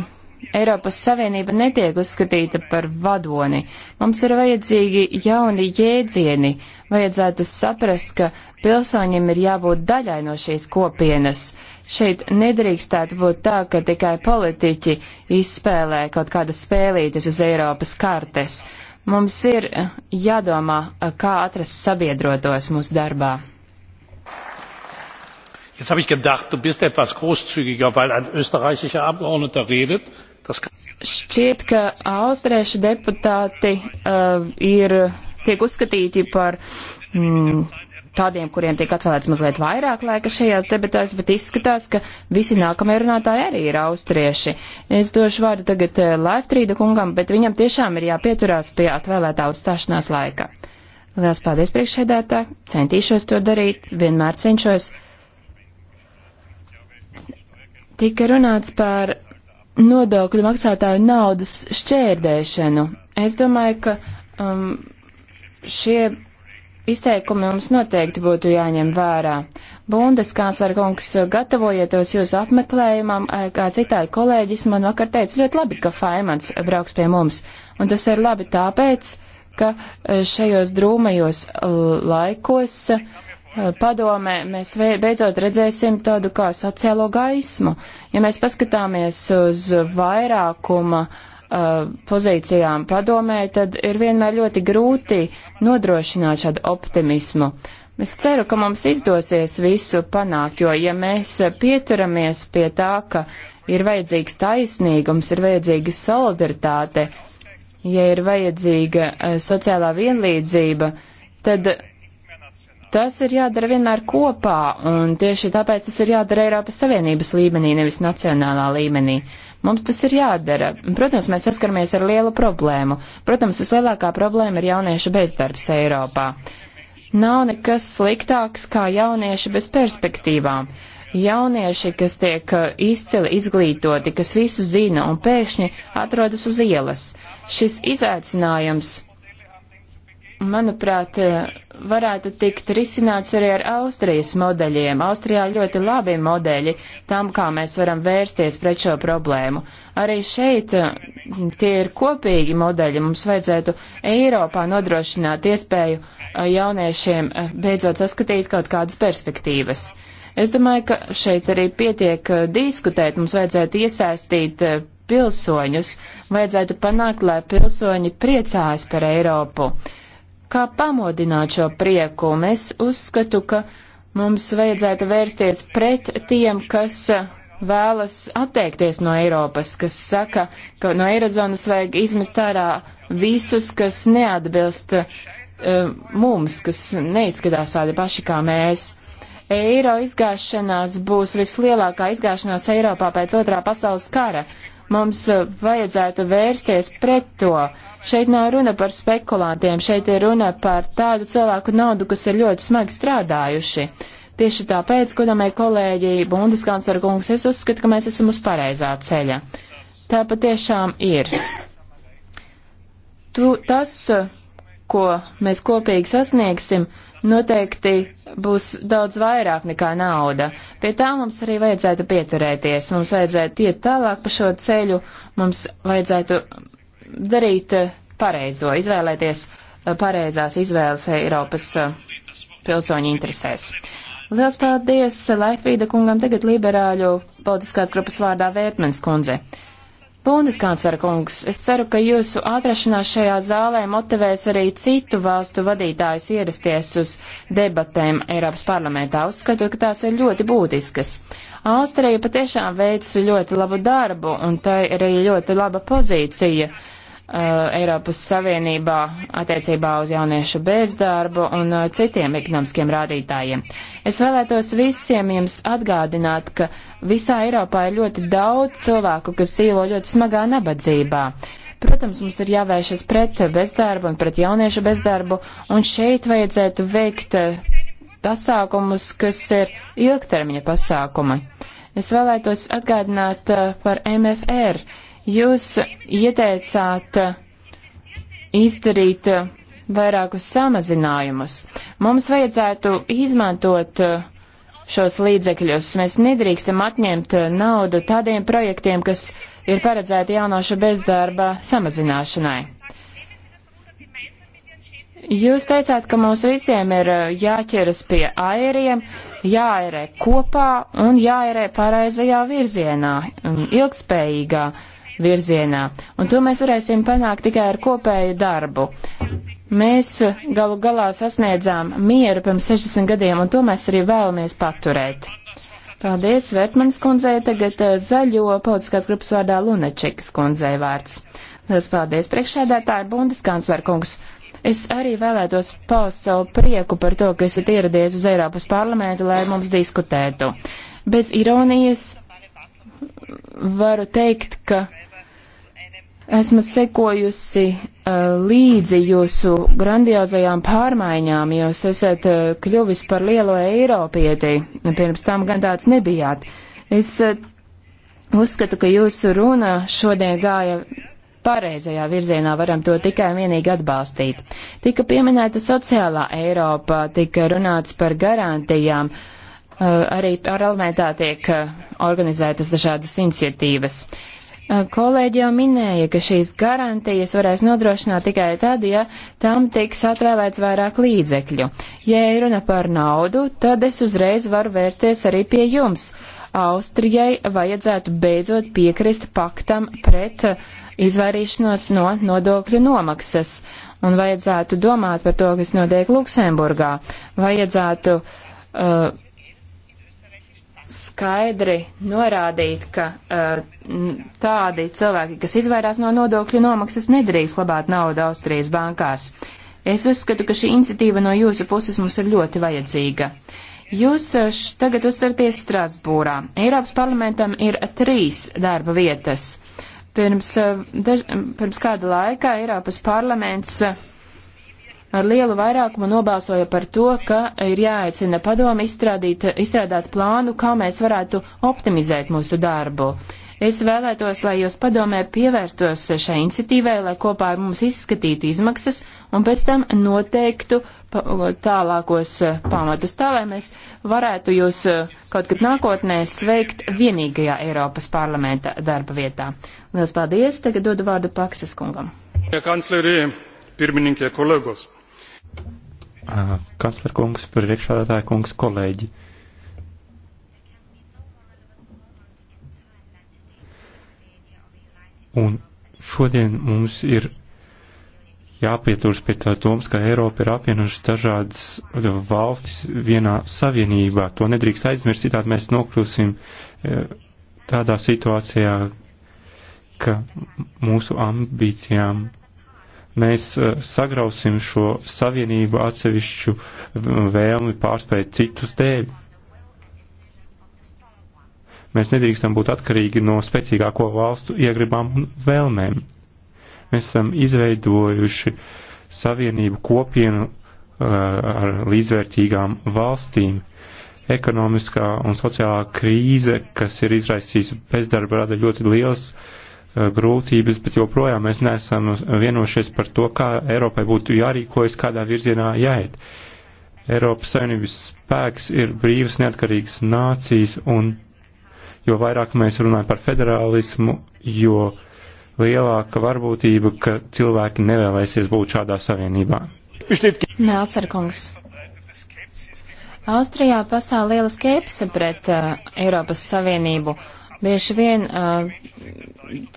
Eiropas Savienība netiek uzskatīta par vadoni. Mums ir vajadzīgi jauni jēdzieni, vajadzētu saprast, ka pilsoņiem ir jābūt daļai no šīs kopienas. Šeit nedrīkstētu būt tā, ka tikai politiķi izspēlē kaut kādas spēlītes uz Eiropas kartes. Mums ir jādomā, kā atrast sabiedrotos mūsu darbā jetzt habe ich gedacht du bist etwas großzügiger weil ein österreichischer abgeordneter redet. Šķiet, ka austriešu deputāti uh, ir, tiek uzskatīti par mm, tādiem, kuriem tiek atvēlēts mazliet vairāk laika šajās debatēs, bet izskatās, ka visi nākamie runātāji arī ir austrieši. Es došu vārdu tagad eh, Laiftrīda kungam, bet viņam tiešām ir jāpieturās pie atvēlētā uzstāšanās laika. Lielas paldies priekšsēdētā, centīšos to darīt, vienmēr cenšos. Tika runāts par nodokļu maksātāju naudas šķērdēšanu. Es domāju, ka um, šie izteikumi mums noteikti būtu jāņem vērā. Bundeskānsarkungs, gatavojieties jūsu apmeklējumam, eh, kā citādi kolēģis man vakar teica, ļoti labi, ka Faimans brauks pie mums. Un tas ir labi tāpēc, ka eh, šajos drūmajos laikos uh, Eh, padomē mēs beidzot redzēsim tādu kā sociālo gaismu. Ja mēs paskatāmies uz vairākuma uh, pozīcijām padomē, tad ir vienmēr ļoti grūti nodrošināt šādu optimismu. Es ceru, ka mums izdosies visu panākt, jo ja mēs pieturamies pie tā, ka ir vajadzīgs taisnīgums, ir vajadzīga solidaritāte, ja ir vajadzīga uh, sociālā vienlīdzība, tad Tas ir jādara vienmēr kopā, un tieši tāpēc tas ir jādara Eiropas Savienības līmenī, nevis nacionālā līmenī. Mums tas ir jādara. Protams, mēs saskaramies ar lielu problēmu. Protams, vislielākā problēma ir jauniešu bezdarbs Eiropā. Nav nekas sliktāks kā jaunieši bez perspektīvām. Jaunieši, kas tiek uh, izcili izglītoti, kas visu zina un pēkšņi atrodas uz ielas. Šis izaicinājums, manuprāt, uh, varētu tikt risināts arī ar Austrijas modeļiem. Austrijā ļoti labi modeļi tam, kā mēs varam vērsties pret šo problēmu. Arī šeit eh, tie ir kopīgi modeļi. Mums vajadzētu Eiropā nodrošināt iespēju eh, jauniešiem eh, beidzot saskatīt kaut kādas perspektīvas. Es domāju, ka šeit arī pietiek diskutēt. Mums vajadzētu iesaistīt pilsoņus, vajadzētu panākt, lai pilsoņi priecājas par Eiropu kā pamodināt šo prieku. Es uzskatu, ka mums vajadzētu vērsties pret tiem, kas uh, vēlas atteikties no Eiropas, kas saka, ka no Eirozonas vajag izmest ārā visus, kas neatbilst uh, mums, kas neizskatās tādi paši kā mēs. Eiro izgāšanās būs vislielākā izgāšanās Eiropā pēc otrā pasaules kara. Mums eh, vajadzētu vērsties pret to. Šeit nav runa par spekulantiem, šeit ir runa par tādu cilvēku naudu, kas ir ļoti smagi strādājuši. Tieši tāpēc, godamie kolēģi, Bundeskanclera kungs, es uzskatu, ka mēs esam uz pareizā ceļa. Tā patiešām ir. Tu, tas, eh, ko mēs kopīgi sasniegsim, uh, noteikti būs daudz vairāk nekā nauda. Pie tā mums arī vajadzētu pieturēties, mums vajadzētu iet tālāk pa šo ceļu, mums vajadzētu darīt eh, pareizo, izvēlēties eh, pareizās izvēles Eiropas eh, pilsoņu interesēs. Liels paldies Laifrīda kungam, tagad liberāļu politiskās grupas vārdā Vērtmens kundze. Bundeskanclera kungs, es ceru, ka jūsu atrašanās šajā zālē motivēs arī citu valstu vadītājus ierasties uz debatēm Eiropas parlamentā. Uzskatu, ka tās ir ļoti būtiskas. Austrija patiešām veic ļoti labu darbu, un tai ir arī ļoti laba pozīcija Uh, Eiropas Savienībā attiecībā uz jauniešu bezdarbu un uh, citiem ekonomiskiem rādītājiem. Es vēlētos visiem jums atgādināt, ka visā Eiropā ir ļoti daudz cilvēku, kas dzīvo ļoti smagā nabadzībā. Protams, mums ir jāvēršas pret bezdarbu un pret jauniešu bezdarbu, un šeit vajadzētu veikt uh, pasākumus, kas ir ilgtermiņa pasākumi. Es vēlētos atgādināt par MFR Jūs ieteicāt izdarīt vairākus samazinājumus. Mums vajadzētu izmantot šos līdzekļus. Mēs nedrīkstam atņemt naudu tādiem projektiem, kas ir paredzēti jaunošu bezdarba samazināšanai. Jūs teicāt, ka mums visiem ir jāķeras pie airiem, jāairē kopā un jāairē pareizajā virzienā, um, ilgspējīgā virzienā. Un to mēs varēsim panākt tikai ar kopēju darbu. Mēs galu galā sasniedzām mieru pirms 60 gadiem, un to mēs arī vēlamies paturēt. Paldies, Vērtmanis kundzei, tagad eh, zaļo politiskās grupas vārdā Lunečikas kundzei vārds. Lielas paldies, priekšsēdētāji, bundeskancler kungs. Es arī vēlētos paust savu prieku par to, ka esat ieradies uz Eiropas parlamentu, lai mums diskutētu. Bez ironijas varu teikt, ka esmu sekojusi eh, līdzi jūsu grandiozajām pārmaiņām, jūs esat eh, kļuvis par lielo Eiropieti, pirms tam gan tāds nebijāt. Es eh, uzskatu, ka jūsu runa šodien gāja pareizajā virzienā varam to tikai un vienīgi atbalstīt. Tika pieminēta sociālā Eiropa, tika runāts par garantijām, Eh, arī parlamentā tiek eh, organizētas dažādas iniciatīvas. Eh, kolēģi jau minēja, ka šīs garantijas varēs nodrošināt tikai tad, ja tam tiks atvēlēts vairāk līdzekļu. Ja ir runa par naudu, tad es uzreiz varu vērsties arī pie jums. Austrijai vajadzētu beidzot piekrist paktam pret izvairīšanos no nodokļu nomaksas, un vajadzētu domāt par to, kas notiek Luksemburgā. Vajadzētu uh, skaidri norādīt, ka uh, tādi cilvēki, kas izvairās no nodokļu nomaksas, nedrīkst labāt naudu Austrijas bankās. Es uzskatu, ka šī iniciatīva no jūsu puses mums ir ļoti vajadzīga. Jūs uh, tagad uzstarties Strasbūrā. Eiropas parlamentam ir trīs darba vietas. Pirms, uh, daž, pirms kāda laika Eiropas parlaments uh, ar lielu vairākumu nobalsoja par to, ka ir jāaicina padomi izstrādīt, izstrādāt plānu, kā mēs varētu optimizēt mūsu darbu. Es vēlētos, lai jūs padomē pievērstos šai iniciatīvai, lai kopā ar mums izskatītu izmaksas un pēc tam noteiktu tālākos eh, pamatus, tā lai mēs varētu jūs eh, kaut kad nākotnē sveikt vienīgajā Eiropas parlamenta darba vietā. Lielas paldies! Tagad dodu vārdu Paksas kungam. Ja kanclerī, pirmininkē, kolegos! kanclerkungs, priekšādātāja kungs, kolēģi. Un šodien mums ir jāpieturas pie tās domas, ka Eiropa ir apvienojušas dažādas valstis vienā savienībā. To nedrīkst aizmirst, citādi mēs nokļūsim tādā situācijā, ka mūsu ambīcijām mēs eh, sagrausim šo savienību atsevišķu eh, vēlmi pārspēt citus dēļ. Mēs nedrīkstam būt atkarīgi no spēcīgāko valstu iegribām un vēlmēm. Mēs esam izveidojuši savienību kopienu eh, ar līdzvērtīgām valstīm. Ekonomiskā un sociālā krīze, kas ir izraisījusi bezdarba, rada ļoti liels uh, Eh, grūtības, bet joprojām mēs neesam vienojušies par to, kā Eiropai būtu jārīkojas, kādā virzienā jāiet. Eiropas Savienības spēks ir brīvas, neatkarīgas nācijas, un jo vairāk mēs runājam par federālismu, jo lielāka varbūtība, ka cilvēki nevēlēsies būt šādā savienībā. Melcerkungs. Austrijā pastāv liela skepse pret uh, Eiropas Savienību. Uh, Bieži vien uh,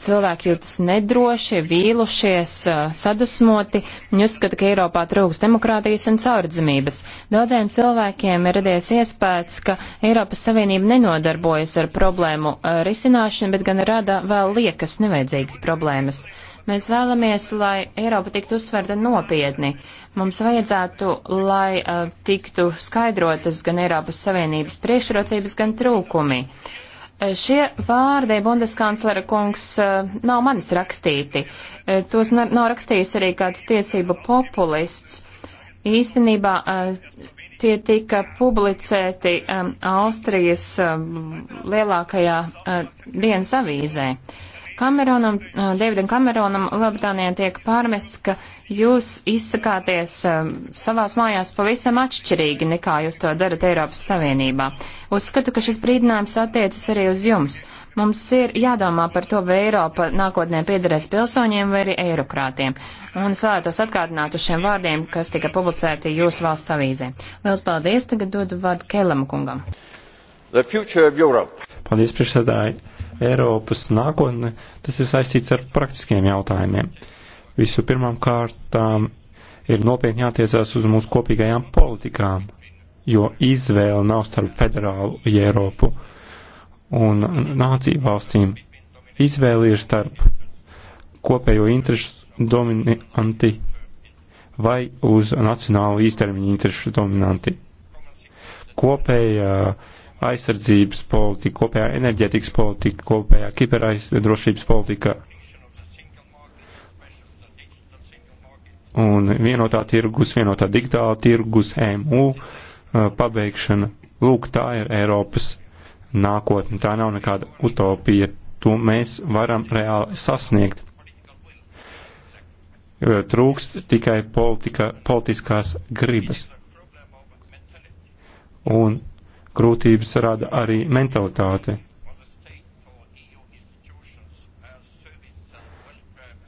cilvēki jūtas nedroši, vīlušies, uh, sadusmoti, viņi uzskata, ka Eiropā trūks demokrātijas un caurdzamības. Daudziem cilvēkiem ir radies iespējas, ka Eiropas Savienība nenodarbojas ar problēmu uh, risināšanu, bet gan rada vēl liekas nevajadzīgas problēmas. Mēs vēlamies, lai Eiropa tiktu uztverta nopietni. Mums vajadzētu, lai uh, tiktu skaidrotas gan Eiropas Savienības priekšrocības, gan trūkumi. Uh, Šie vārdi bundeskanclera kungs eh, nav manis rakstīti. Eh, tos nav rakstījis arī kāds tiesība populists. Īstenībā eh, tie tika publicēti Austrijas lielākajā dienas avīzē. Kameronam, Davidam Kameronam Lielbritānijā tiek pārmests, ka jūs izsakāties um, savās mājās pavisam atšķirīgi nekā jūs to darat Eiropas Savienībā. Uzskatu, ka šis brīdinājums attiecas arī uz jums. Mums ir jādomā par to, vai Eiropa nākotnē piederēs pilsoņiem vai arī eirokrātiem. Un es vēlētos atkārtināt uz šiem vārdiem, kas tika publicēti jūsu valsts avīzē. Lielas paldies, tagad dodu vārdu Kēlam kungam. Paldies, priekšsēdāji. Eiropas nākotne, tas ir saistīts ar praktiskiem jautājumiem. Visu pirmām kārtām ir nopietni jātiesās uz mūsu kopīgajām politikām, jo izvēle nav starp federālu Eiropu un nāciju valstīm. Izvēle ir starp kopējo interesu dominanti vai uz nacionālu īstermiņu interesu dominanti. Kopējā aizsardzības politika, kopējā enerģētikas politika, kopējā kiberaizsardzības politika un vienotā tirgus, vienotā digitāla tirgus, EMU uh, pabeigšana. Lūk, tā ir Eiropas nākotne, tā nav nekāda utopija, to mēs varam reāli sasniegt. Trūkst tikai politika, politiskās gribas. Un grūtības rada arī mentalitāte.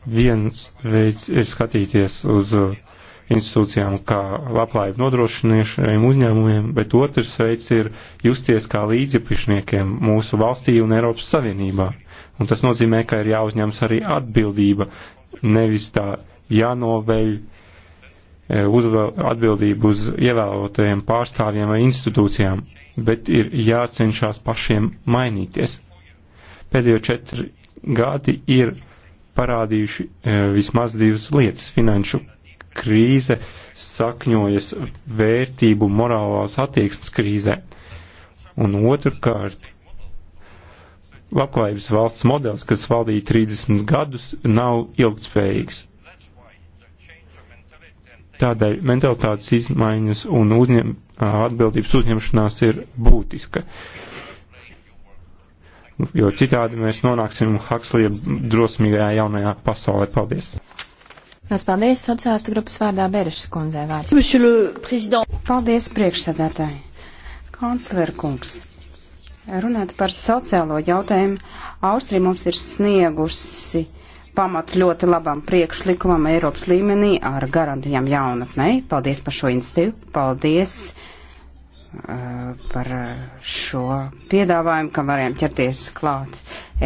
viens veids ir skatīties uz uh, institūcijām kā labklājību nodrošiniešiem uzņēmumiem, bet otrs veids ir justies kā līdzipišniekiem mūsu valstī un Eiropas Savienībā. Un tas nozīmē, ka ir jāuzņems arī atbildība, nevis tā jānoveļ eh, atbildību uz ievēlotajiem pārstāvjiem vai institūcijām, bet ir jācenšās pašiem mainīties. Pēdējo četri gadi ir parādījuši e, vismaz divas lietas. Finanšu krīze sakņojas vērtību morālās attieksmes krīzē. Un otrkārt, labklājības valsts modelis, kas valdīja 30 gadus, nav ilgtspējīgs. Tādēļ mentalitātes izmaiņas un uzņem, atbildības uzņemšanās ir būtiska jo citādi mēs nonāksim Hakslija drosmīgajā jaunajā pasaulē. Paldies! Mēs paldies sociālistu grupas vārdā Berešas kundzei vārds. Paldies priekšsēdētāji! Kancler kungs! Runāt par sociālo jautājumu. Austrija mums ir sniegusi pamatu ļoti labam priekšlikumam Eiropas līmenī ar garantijām jaunatnei. Paldies par šo institīvu. Paldies! Mm Eh, par šo piedāvājumu, kam varējām ķerties klāt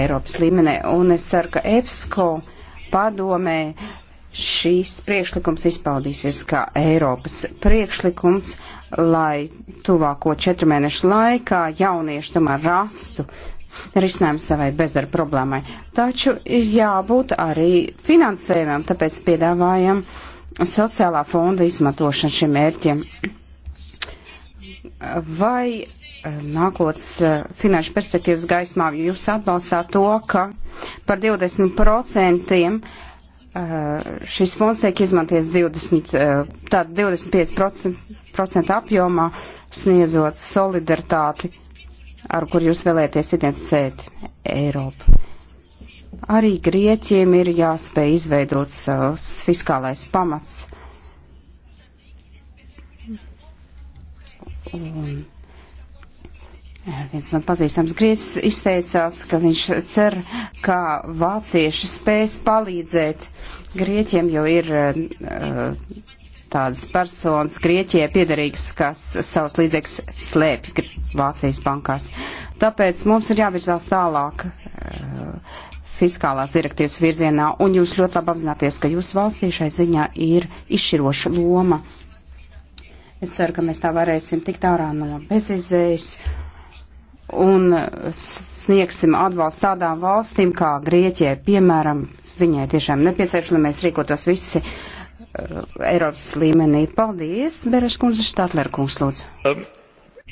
Eiropas līmenī. Un es ceru, ka EPSCO padomē šīs priekšlikums izpaudīsies kā Eiropas priekšlikums, lai tuvāko četru mēnešu laikā jaunieši tomēr rastu risinājumu savai bezdarba problēmai. Taču ir jābūt arī finansējumam, tāpēc piedāvājam sociālā fonda izmantošanu šiem mērķiem vai eh, nākotnes eh, finanšu perspektīvas gaismā jūs atbalstāt to, ka par 20% eh, šis fonds tiek izmanties 20, tātad 25% apjomā, sniedzot solidaritāti, ar kur jūs vēlēties identificēt Eiropu. Arī Grieķiem ir jāspēj izveidot savs fiskālais pamats Un viens man pazīstams grieķis izteicās, ka viņš cer, ka vācieši spēs palīdzēt grieķiem, jo ir uh, tādas personas Grieķijai piedarīgas, kas savus līdzekļus slēpj Vācijas bankās. Tāpēc mums ir jāvirzās tālāk uh, fiskālās direktīvas virzienā, un jūs ļoti labi apzināties, ka jūsu valstī šai ziņā ir izšķiroša loma. Es ceru, ka mēs tā varēsim tikt ārā no bezizējas un sniegsim atbalstu tādām valstīm kā Grieķijai, piemēram, viņai tiešām nepieciešams, lai mēs rīkotos visi uh, Eiropas līmenī. Paldies, Bereš kundze, Štatler kungs, lūdzu. Um.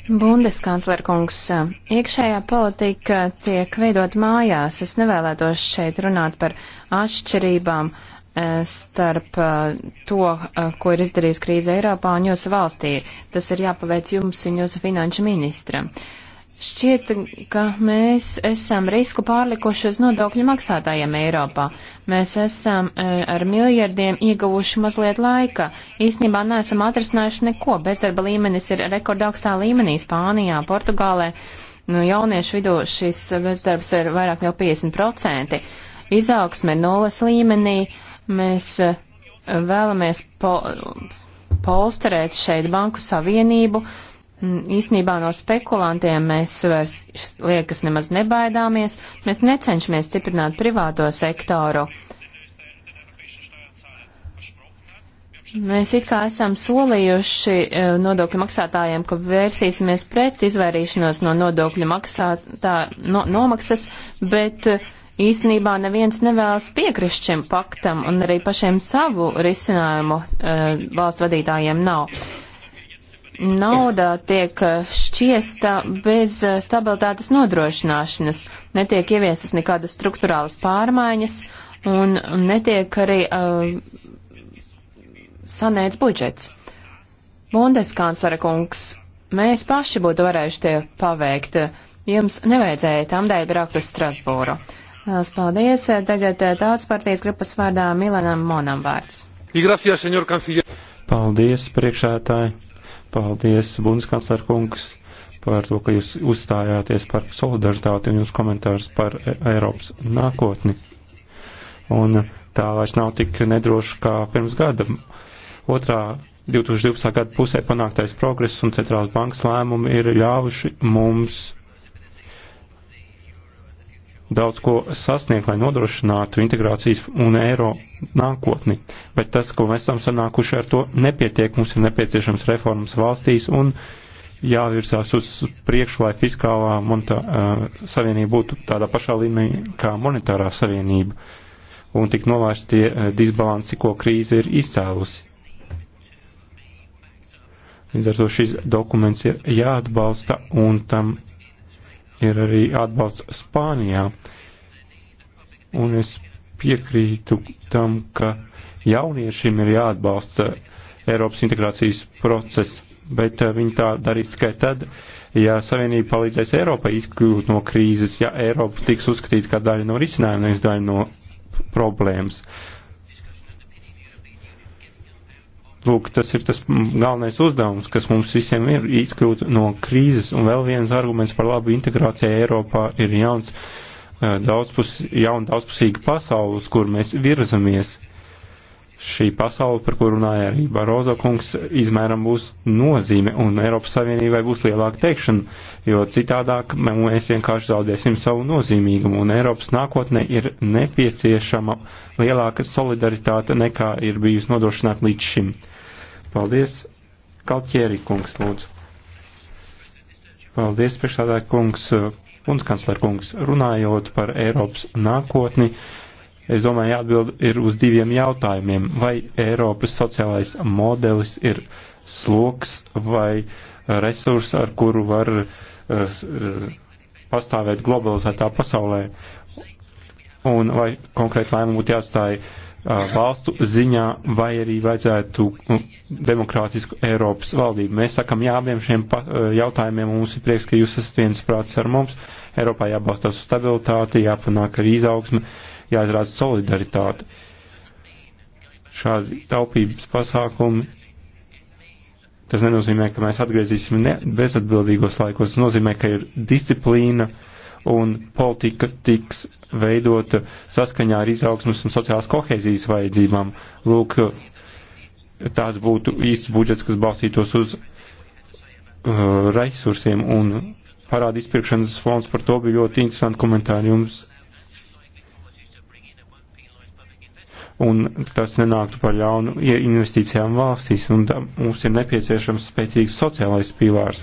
Bundeskancler kungs, uh, iekšējā politika tiek veidot mājās. Es nevēlētos šeit runāt par atšķirībām. Uh, Eh, starp eh, to, eh, ko ir izdarījusi krīze Eiropā un jūsu valstī. Tas ir jāpaveic jums un jūsu finanšu ministram. Šķiet, ka mēs esam risku pārlikuši uz nodokļu maksātājiem Eiropā. Mēs esam ar miljardiem ieguvuši mazliet laika. Īsnībā neesam atrisinājuši neko. Bezdarba līmenis ir rekordākstā līmenī Spānijā, Portugālē. Nu, jauniešu vidū šis bezdarbs ir vairāk jau 50%. Izaugsme ir nulles līmenī. Uh, Mēs eh, vēlamies po polsterēt šeit banku savienību. Īsnībā no spekulantiem mēs vairs liekas nemaz nebaidāmies. Mēs necenšamies stiprināt privāto sektoru. Mēs it kā esam solījuši eh, nodokļu maksātājiem, ka vērsīsimies pret izvairīšanos no nodokļu maksātā, no, nomaksas, bet uh, īstenībā neviens nevēlas piekrist šim paktam, un arī pašiem savu risinājumu uh, eh, valstu vadītājiem nav. Nauda tiek eh, šķiesta bez eh, stabilitātes nodrošināšanas, netiek ieviesas nekādas struktūrālas pārmaiņas un netiek arī uh, sanēts budžets. Bundeskanclera kungs, mēs paši būtu varējuši tie paveikt. Jums nevajadzēja tam dēļ braukt uz Strasbūru. Uh, Lielas paldies. Tagad eh, tautas partijas grupas vārdā Milanam Monam vārds. Paldies, priekšētāji. Paldies, Bundeskancler kungs, par to, ka jūs uzstājāties par solidaritāti un jūs komentārs par eh, Eiropas nākotni. Un eh, tā vairs nav tik nedroša kā pirms gada. Otrā 2012. gada pusē panāktais progress un centrālās bankas lēmumi ir ļāvuši mums daudz ko sasniegt, lai nodrošinātu integrācijas un eiro nākotni. Bet tas, ko mēs esam sanākuši ar to, nepietiek. Mums ir nepieciešams reformas valstīs un jāvirsās uz priekšu, lai fiskālā monetā, uh, savienība būtu tādā pašā līmenī kā monetārā savienība un tik novērst tie uh, disbalansi, ko krīze ir izcēlusi. Līdz ar to šis dokuments ir jāatbalsta un tam ir arī atbalsts Spānijā. Un es piekrītu tam, ka jauniešiem ir jāatbalsta Eiropas integrācijas process, bet eh, viņi tā darīs tikai tad, ja Savienība palīdzēs Eiropai izkļūt no krīzes, ja Eiropa tiks uzskatīta kā daļa no risinājuma, nevis daļa no problēmas. Lūk, tas ir tas galvenais uzdevums, kas mums visiem ir izkļūt no krīzes. Un vēl viens arguments par labu integrācijai Eiropā ir jauns, eh, daudzpus, jauna daudzpusīga pasaules, kur mēs virzamies. Uh, šī pasaule, par kuru runāja arī Barozo kungs, izmēram būs nozīme un Eiropas Savienībai būs lielāka teikšana, jo citādāk mēs vienkārši zaudēsim savu nozīmīgumu un Eiropas nākotnē ir nepieciešama lielāka solidaritāte nekā ir bijusi nodrošināta līdz šim. Paldies, Kalķieri kungs, lūdzu. Paldies, priekšstādāja kungs, un kancler kungs, runājot par Eiropas nākotni. Uh, Es domāju, jāatbild ir uz diviem jautājumiem. Vai Eiropas sociālais modelis ir sloks vai resurs, ar kuru var uh, pastāvēt globalizētā pasaulē? Un vai konkrēti lēmumu būtu jāatstāja uh, eh, valstu ziņā vai arī vajadzētu mm, demokrātisku Eiropas valdību. Mēs sakam jā abiem šiem jautājumiem un mums ir prieks, ka jūs esat viens prāts ar mums. Eiropā jābalstās uz stabilitāti, jāpanāk arī izaugsme, jāizrāda solidaritāte. Šādi taupības pasākumi, tas nenozīmē, ka mēs atgriezīsim bezatbildīgos laikos, tas nozīmē, ka ir disciplīna un politika tiks veidota saskaņā ar izaugsmas un sociālās kohēzijas vajadzībām. Lūk, tāds būtu īsts budžets, kas balstītos uz uh, resursiem un parāda izpirkšanas fonds par to bija ļoti interesanti komentāri. Jums un tas nenāktu par ļaunu investīcijām valstīs, un mums ir nepieciešams spēcīgs sociālais pīlārs.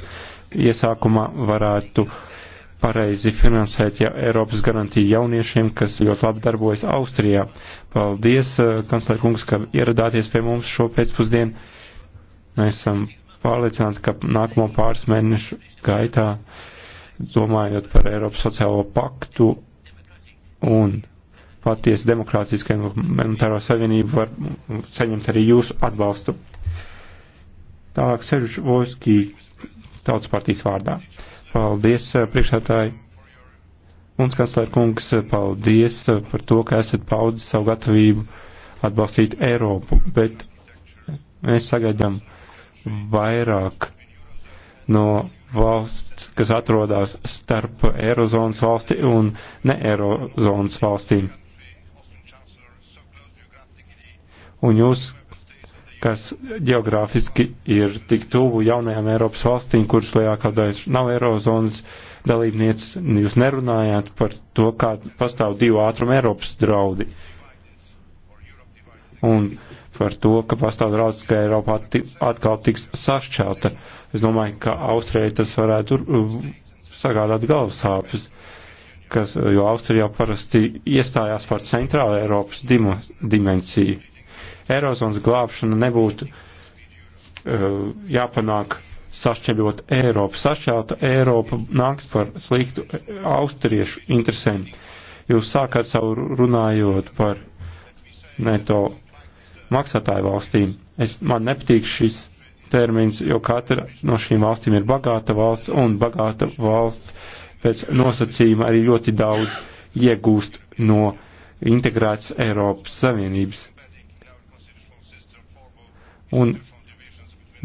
Iesākumā varētu pareizi finansēt ja Eiropas garantiju jauniešiem, kas ļoti labi darbojas Austrijā. Paldies, eh, kanclerkungs, ka ieradāties pie mums šo pēcpusdienu. Mēs esam pārliecināti, ka nākamo pāris mēnešu gaitā, domājot par Eiropas sociālo paktu un patiesa demokrātiska un monetārā savienība var saņemt arī jūsu atbalstu. Tālāk Sežuš Voski tautas partijas vārdā. Paldies, eh, priekšētāji. Mums, kanclēr kungs, eh, paldies eh, par to, ka esat paudzis savu gatavību atbalstīt Eiropu, bet mēs sagaidām vairāk no valsts, kas atrodas starp Eirozonas valsti un ne Eirozonas valstīm. un jūs, kas geogrāfiski ir tik tuvu jaunajām Eiropas valstīm, kuras lielākā daļa nav Eirozonas dalībnieces, jūs nerunājāt par to, kā pastāv divu ātrumu Eiropas draudi. Un par to, ka pastāv draudz, ka Eiropa atkal tiks sašķelta. Es domāju, ka Austrijai tas varētu uh, sagādāt galvasāpes, kas, jo Austrija jau parasti iestājās par centrāla Eiropas dimensiju. Eirozonas glābšana nebūtu uh, jāpanāk sašķeļot Eiropu. Sašķelta Eiropa nāks par sliktu eh, austriešu interesēm. Jūs sākāt savu runājot par neto maksātāju valstīm. Es, man nepatīk šis termins, jo katra no šīm valstīm ir bagāta valsts, un bagāta valsts pēc nosacījuma arī ļoti daudz iegūst no integrētas Eiropas Savienības un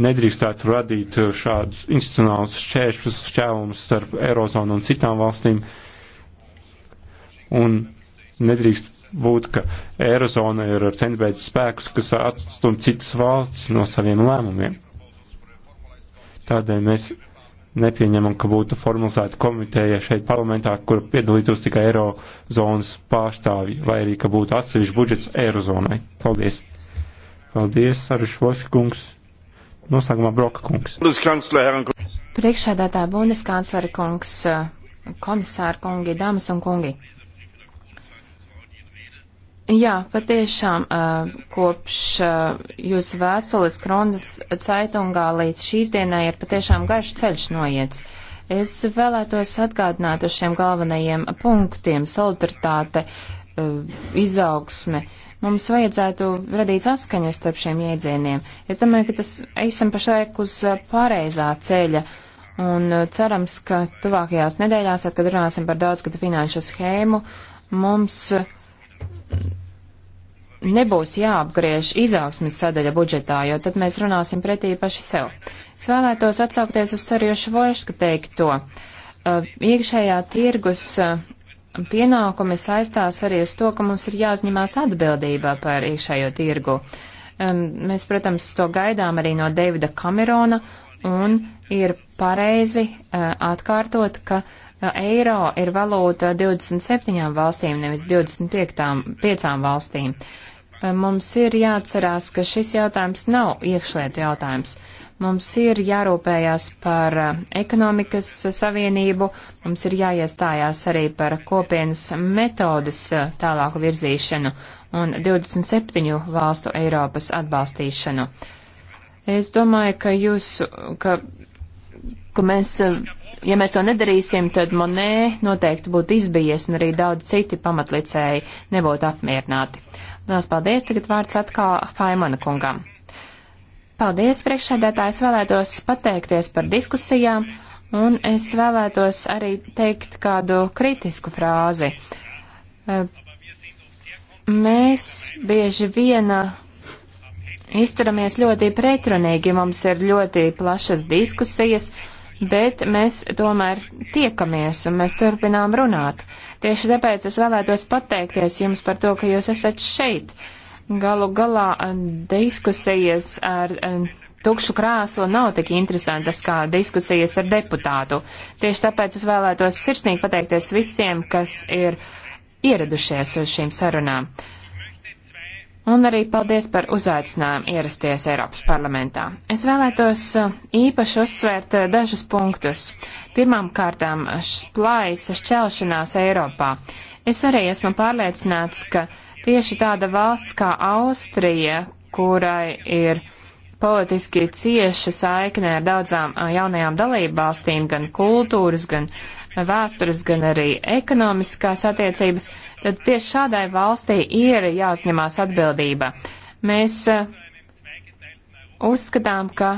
nedrīkstētu radīt uh, šādus institucionālus šķēršļus, šķēlumus starp Eirozonu un citām valstīm. Un nedrīkst būt, ka Eirozona ir ar centbeidzas spēkus, kas atstum citas valstis no saviem lēmumiem. Tādēļ mēs nepieņemam, ka būtu formalizēta komiteja šeit parlamentā, kur piedalītos tikai Eirozonas pārstāvji, vai arī, ka būtu atsevišķi budžets Eirozonai. Paldies! Paldies, Sarušvoski kungs. Noslēgumā Broka kungs. Priekšsēdētāja Bundeskanclera kungs, komisāra kungi, dāmas un kungi. Jā, patiešām kopš jūsu vēstules Kronas caitungā līdz šīs dienai ir patiešām garš ceļš noiets. Es vēlētos atgādināt uz šiem galvenajiem punktiem - solidaritāte, izaugsme. Uh, Mums vajadzētu radīt saskaņu starp šiem jēdzieniem. Es domāju, ka tas esam pašlaik uz uh, pareizā ceļa. Un uh, cerams, ka tuvākajās nedēļās, kad runāsim par daudzgada finanšu schēmu, mums uh, nebūs jāapgriež izaugsmes sadaļa budžetā, jo tad mēs runāsim pretī paši sev. Es vēlētos atsaukties uz Sarjošu Voška teikto. Uh, iekšējā tirgus uh, pienākumi saistās arī uz to, ka mums ir jāuzņemās atbildība par iekšējo tirgu. Um, mēs, protams, to gaidām arī no Davida Kamerona, un ir pareizi uh, atkārtot, ka uh, eiro ir valūta 27 valstīm, nevis 25 valstīm. Uh, mums ir jāatcerās, ka šis jautājums nav iekšlietu jautājums. Mums ir jārūpējās par eh, ekonomikas savienību, mums ir jāiestājās arī par kopienas metodas eh, tālāku virzīšanu un 27 valstu Eiropas atbalstīšanu. Es domāju, ka jūs, ka, ka mēs, eh, ja mēs to nedarīsim, tad Monē noteikti būtu izbijies un arī daudz citi pamatlicēji nebūtu apmierināti. Lielas paldies, tagad vārds atkal Faimana kungam. Paldies, priekšsēdētājs, vēlētos pateikties par diskusijām, un es vēlētos arī teikt kādu kritisku frāzi. Eh, mēs bieži viena eh, izturamies ļoti pretrunīgi, mums ir ļoti plašas diskusijas, bet mēs tomēr tiekamies un mēs turpinām runāt. Tieši tāpēc es vēlētos pateikties jums par to, ka jūs esat šeit. Uh, Galu galā eh, diskusijas ar eh, tukšu krāsu nav tik interesantas kā diskusijas ar deputātu. Tieši tāpēc es vēlētos sirsnīgi pateikties visiem, kas ir ieradušies uz šīm sarunām. Un arī paldies par uzaicinājumu ierasties Eiropas parlamentā. Es vēlētos eh, īpaši uzsvērt dažus punktus. Pirmām kārtām plājas šķelšanās Eiropā. Es arī esmu pārliecināts, ka uh, Tieši tāda valsts kā Austrija, kurai ir politiski cieša saikne ar daudzām jaunajām dalībvalstīm, gan kultūras, gan vēstures, gan arī ekonomiskās attiecības, tad tieši šādai valstī ir jāuzņemās atbildība. Mēs uzskatām, ka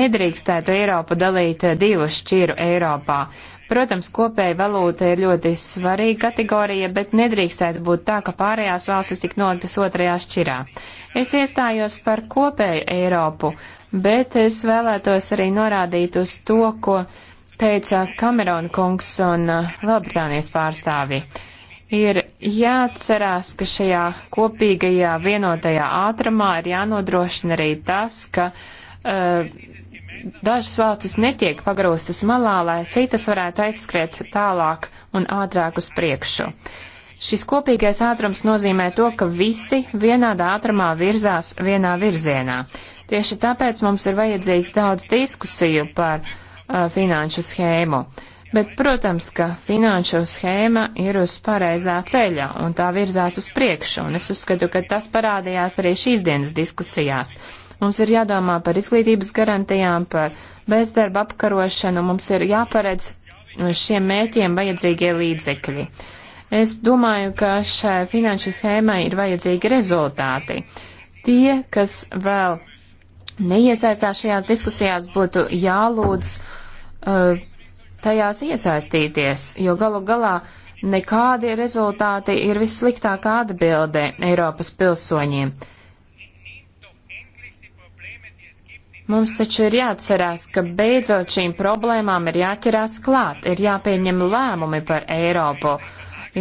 nedrīkstētu Eiropu dalīt divu šķiru Eiropā. Protams, kopēja valūta ir ļoti svarīga kategorija, bet nedrīkstētu būt tā, ka pārējās valstis tik noliktas otrajā šķirā. Es iestājos par kopēju Eiropu, bet es vēlētos arī norādīt uz to, ko teica Kamerona kungs un uh, Lielbritānijas pārstāvi. Ir jāatcerās, ka šajā kopīgajā vienotajā ātrumā ir jānodrošina arī tas, ka uh, dažas valstis netiek pagrūstas malā, lai citas varētu aizskriet tālāk un ātrāk uz priekšu. Šis kopīgais ātrums nozīmē to, ka visi vienādā ātrumā virzās vienā virzienā. Tieši tāpēc mums ir vajadzīgs daudz diskusiju par uh, finanšu schēmu. Bet, protams, ka finanšu schēma ir uz pareizā ceļa un tā virzās uz priekšu, un es uzskatu, ka tas parādījās arī šīs dienas diskusijās. Mums ir jādomā par izglītības garantijām, par bezdarba apkarošanu, mums ir jāparedz šiem mēķiem vajadzīgie līdzekļi. Es domāju, ka šai finanšu schēmai ir vajadzīgi rezultāti. Tie, kas vēl neiesaistās šajās diskusijās, būtu jālūdz uh, tajās iesaistīties, jo galu galā nekādi rezultāti ir vissliktākā atbilde Eiropas pilsoņiem. Uh, Mums taču ir jāatcerās, ka beidzot šīm problēmām ir jāķerās klāt, ir jāpieņem lēmumi par Eiropu,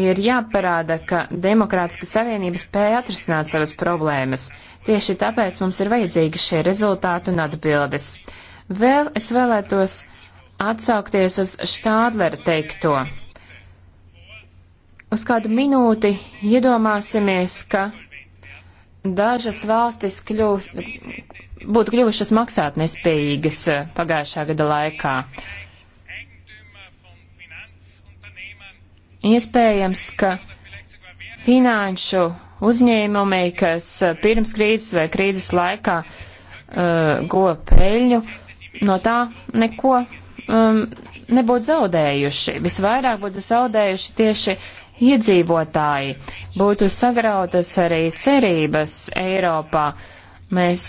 ir jāparāda, ka Demokrātiska Savienība spēja atrisināt savas problēmas. Tieši tāpēc mums ir vajadzīgi šie rezultāti un atbildes. Vēl es vēlētos atsaukties uz Štādlera teikto. Uz kādu minūti iedomāsimies, ka dažas valstis kļūst, būtu kļuvušas maksātnespējīgas eh, pagājušā gada laikā. Iespējams, ka finanšu uzņēmumi, kas eh, pirms krīzes vai krīzes laikā uh, eh, guva peļņu, no tā neko um, nebūtu zaudējuši. Visvairāk būtu zaudējuši tieši iedzīvotāji. Būtu sagrautas arī cerības Eiropā. Uh, mēs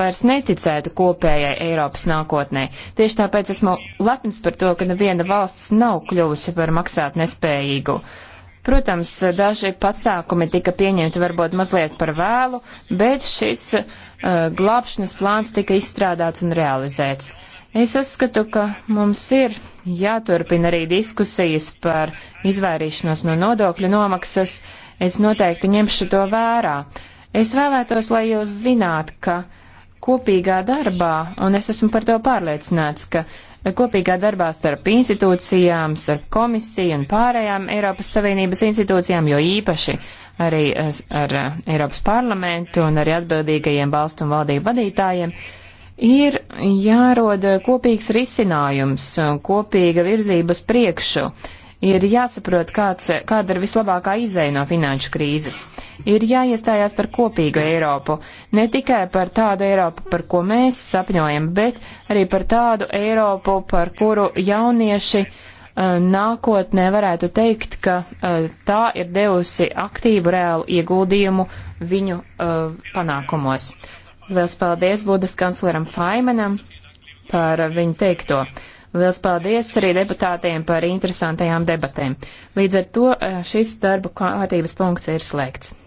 vairs neticētu kopējai Eiropas nākotnē. Tieši tāpēc esmu lepns par to, ka neviena valsts nav kļuvusi par maksāt nespējīgu. Protams, daži pasākumi tika pieņemti varbūt mazliet par vēlu, bet šis uh, glābšanas plāns tika izstrādāts un realizēts. Es uzskatu, ka mums ir jāturpina arī diskusijas par izvairīšanos no nodokļu nomaksas. Es noteikti ņemšu to vērā. Uh, Es vēlētos, lai jūs zināt, ka kopīgā darbā, un es esmu par to pārliecināts, ka kopīgā darbā starp institūcijām, starp komisiju un pārējām Eiropas Savienības institūcijām, jo īpaši arī ar eh, Eiropas parlamentu un arī atbildīgajiem valstu un valdību vadītājiem, ir jārod kopīgs risinājums, kopīga virzības priekšu. Uh, Ir jāsaprot, kāds, kāda ir vislabākā izēja no finanšu krīzes. Ir jāiestājās par kopīgu Eiropu, ne tikai par tādu Eiropu, par ko mēs sapņojam, bet arī par tādu Eiropu, par kuru jaunieši eh, nākotnē varētu teikt, ka eh, tā ir devusi aktīvu reālu ieguldījumu viņu uh, panākumos. Liels paldies Budas kancleram Faimanam par viņu teikto. Liels paldies arī deputātiem par interesantajām debatēm. Līdz ar to eh, šis darba kārtības punkts ir slēgts.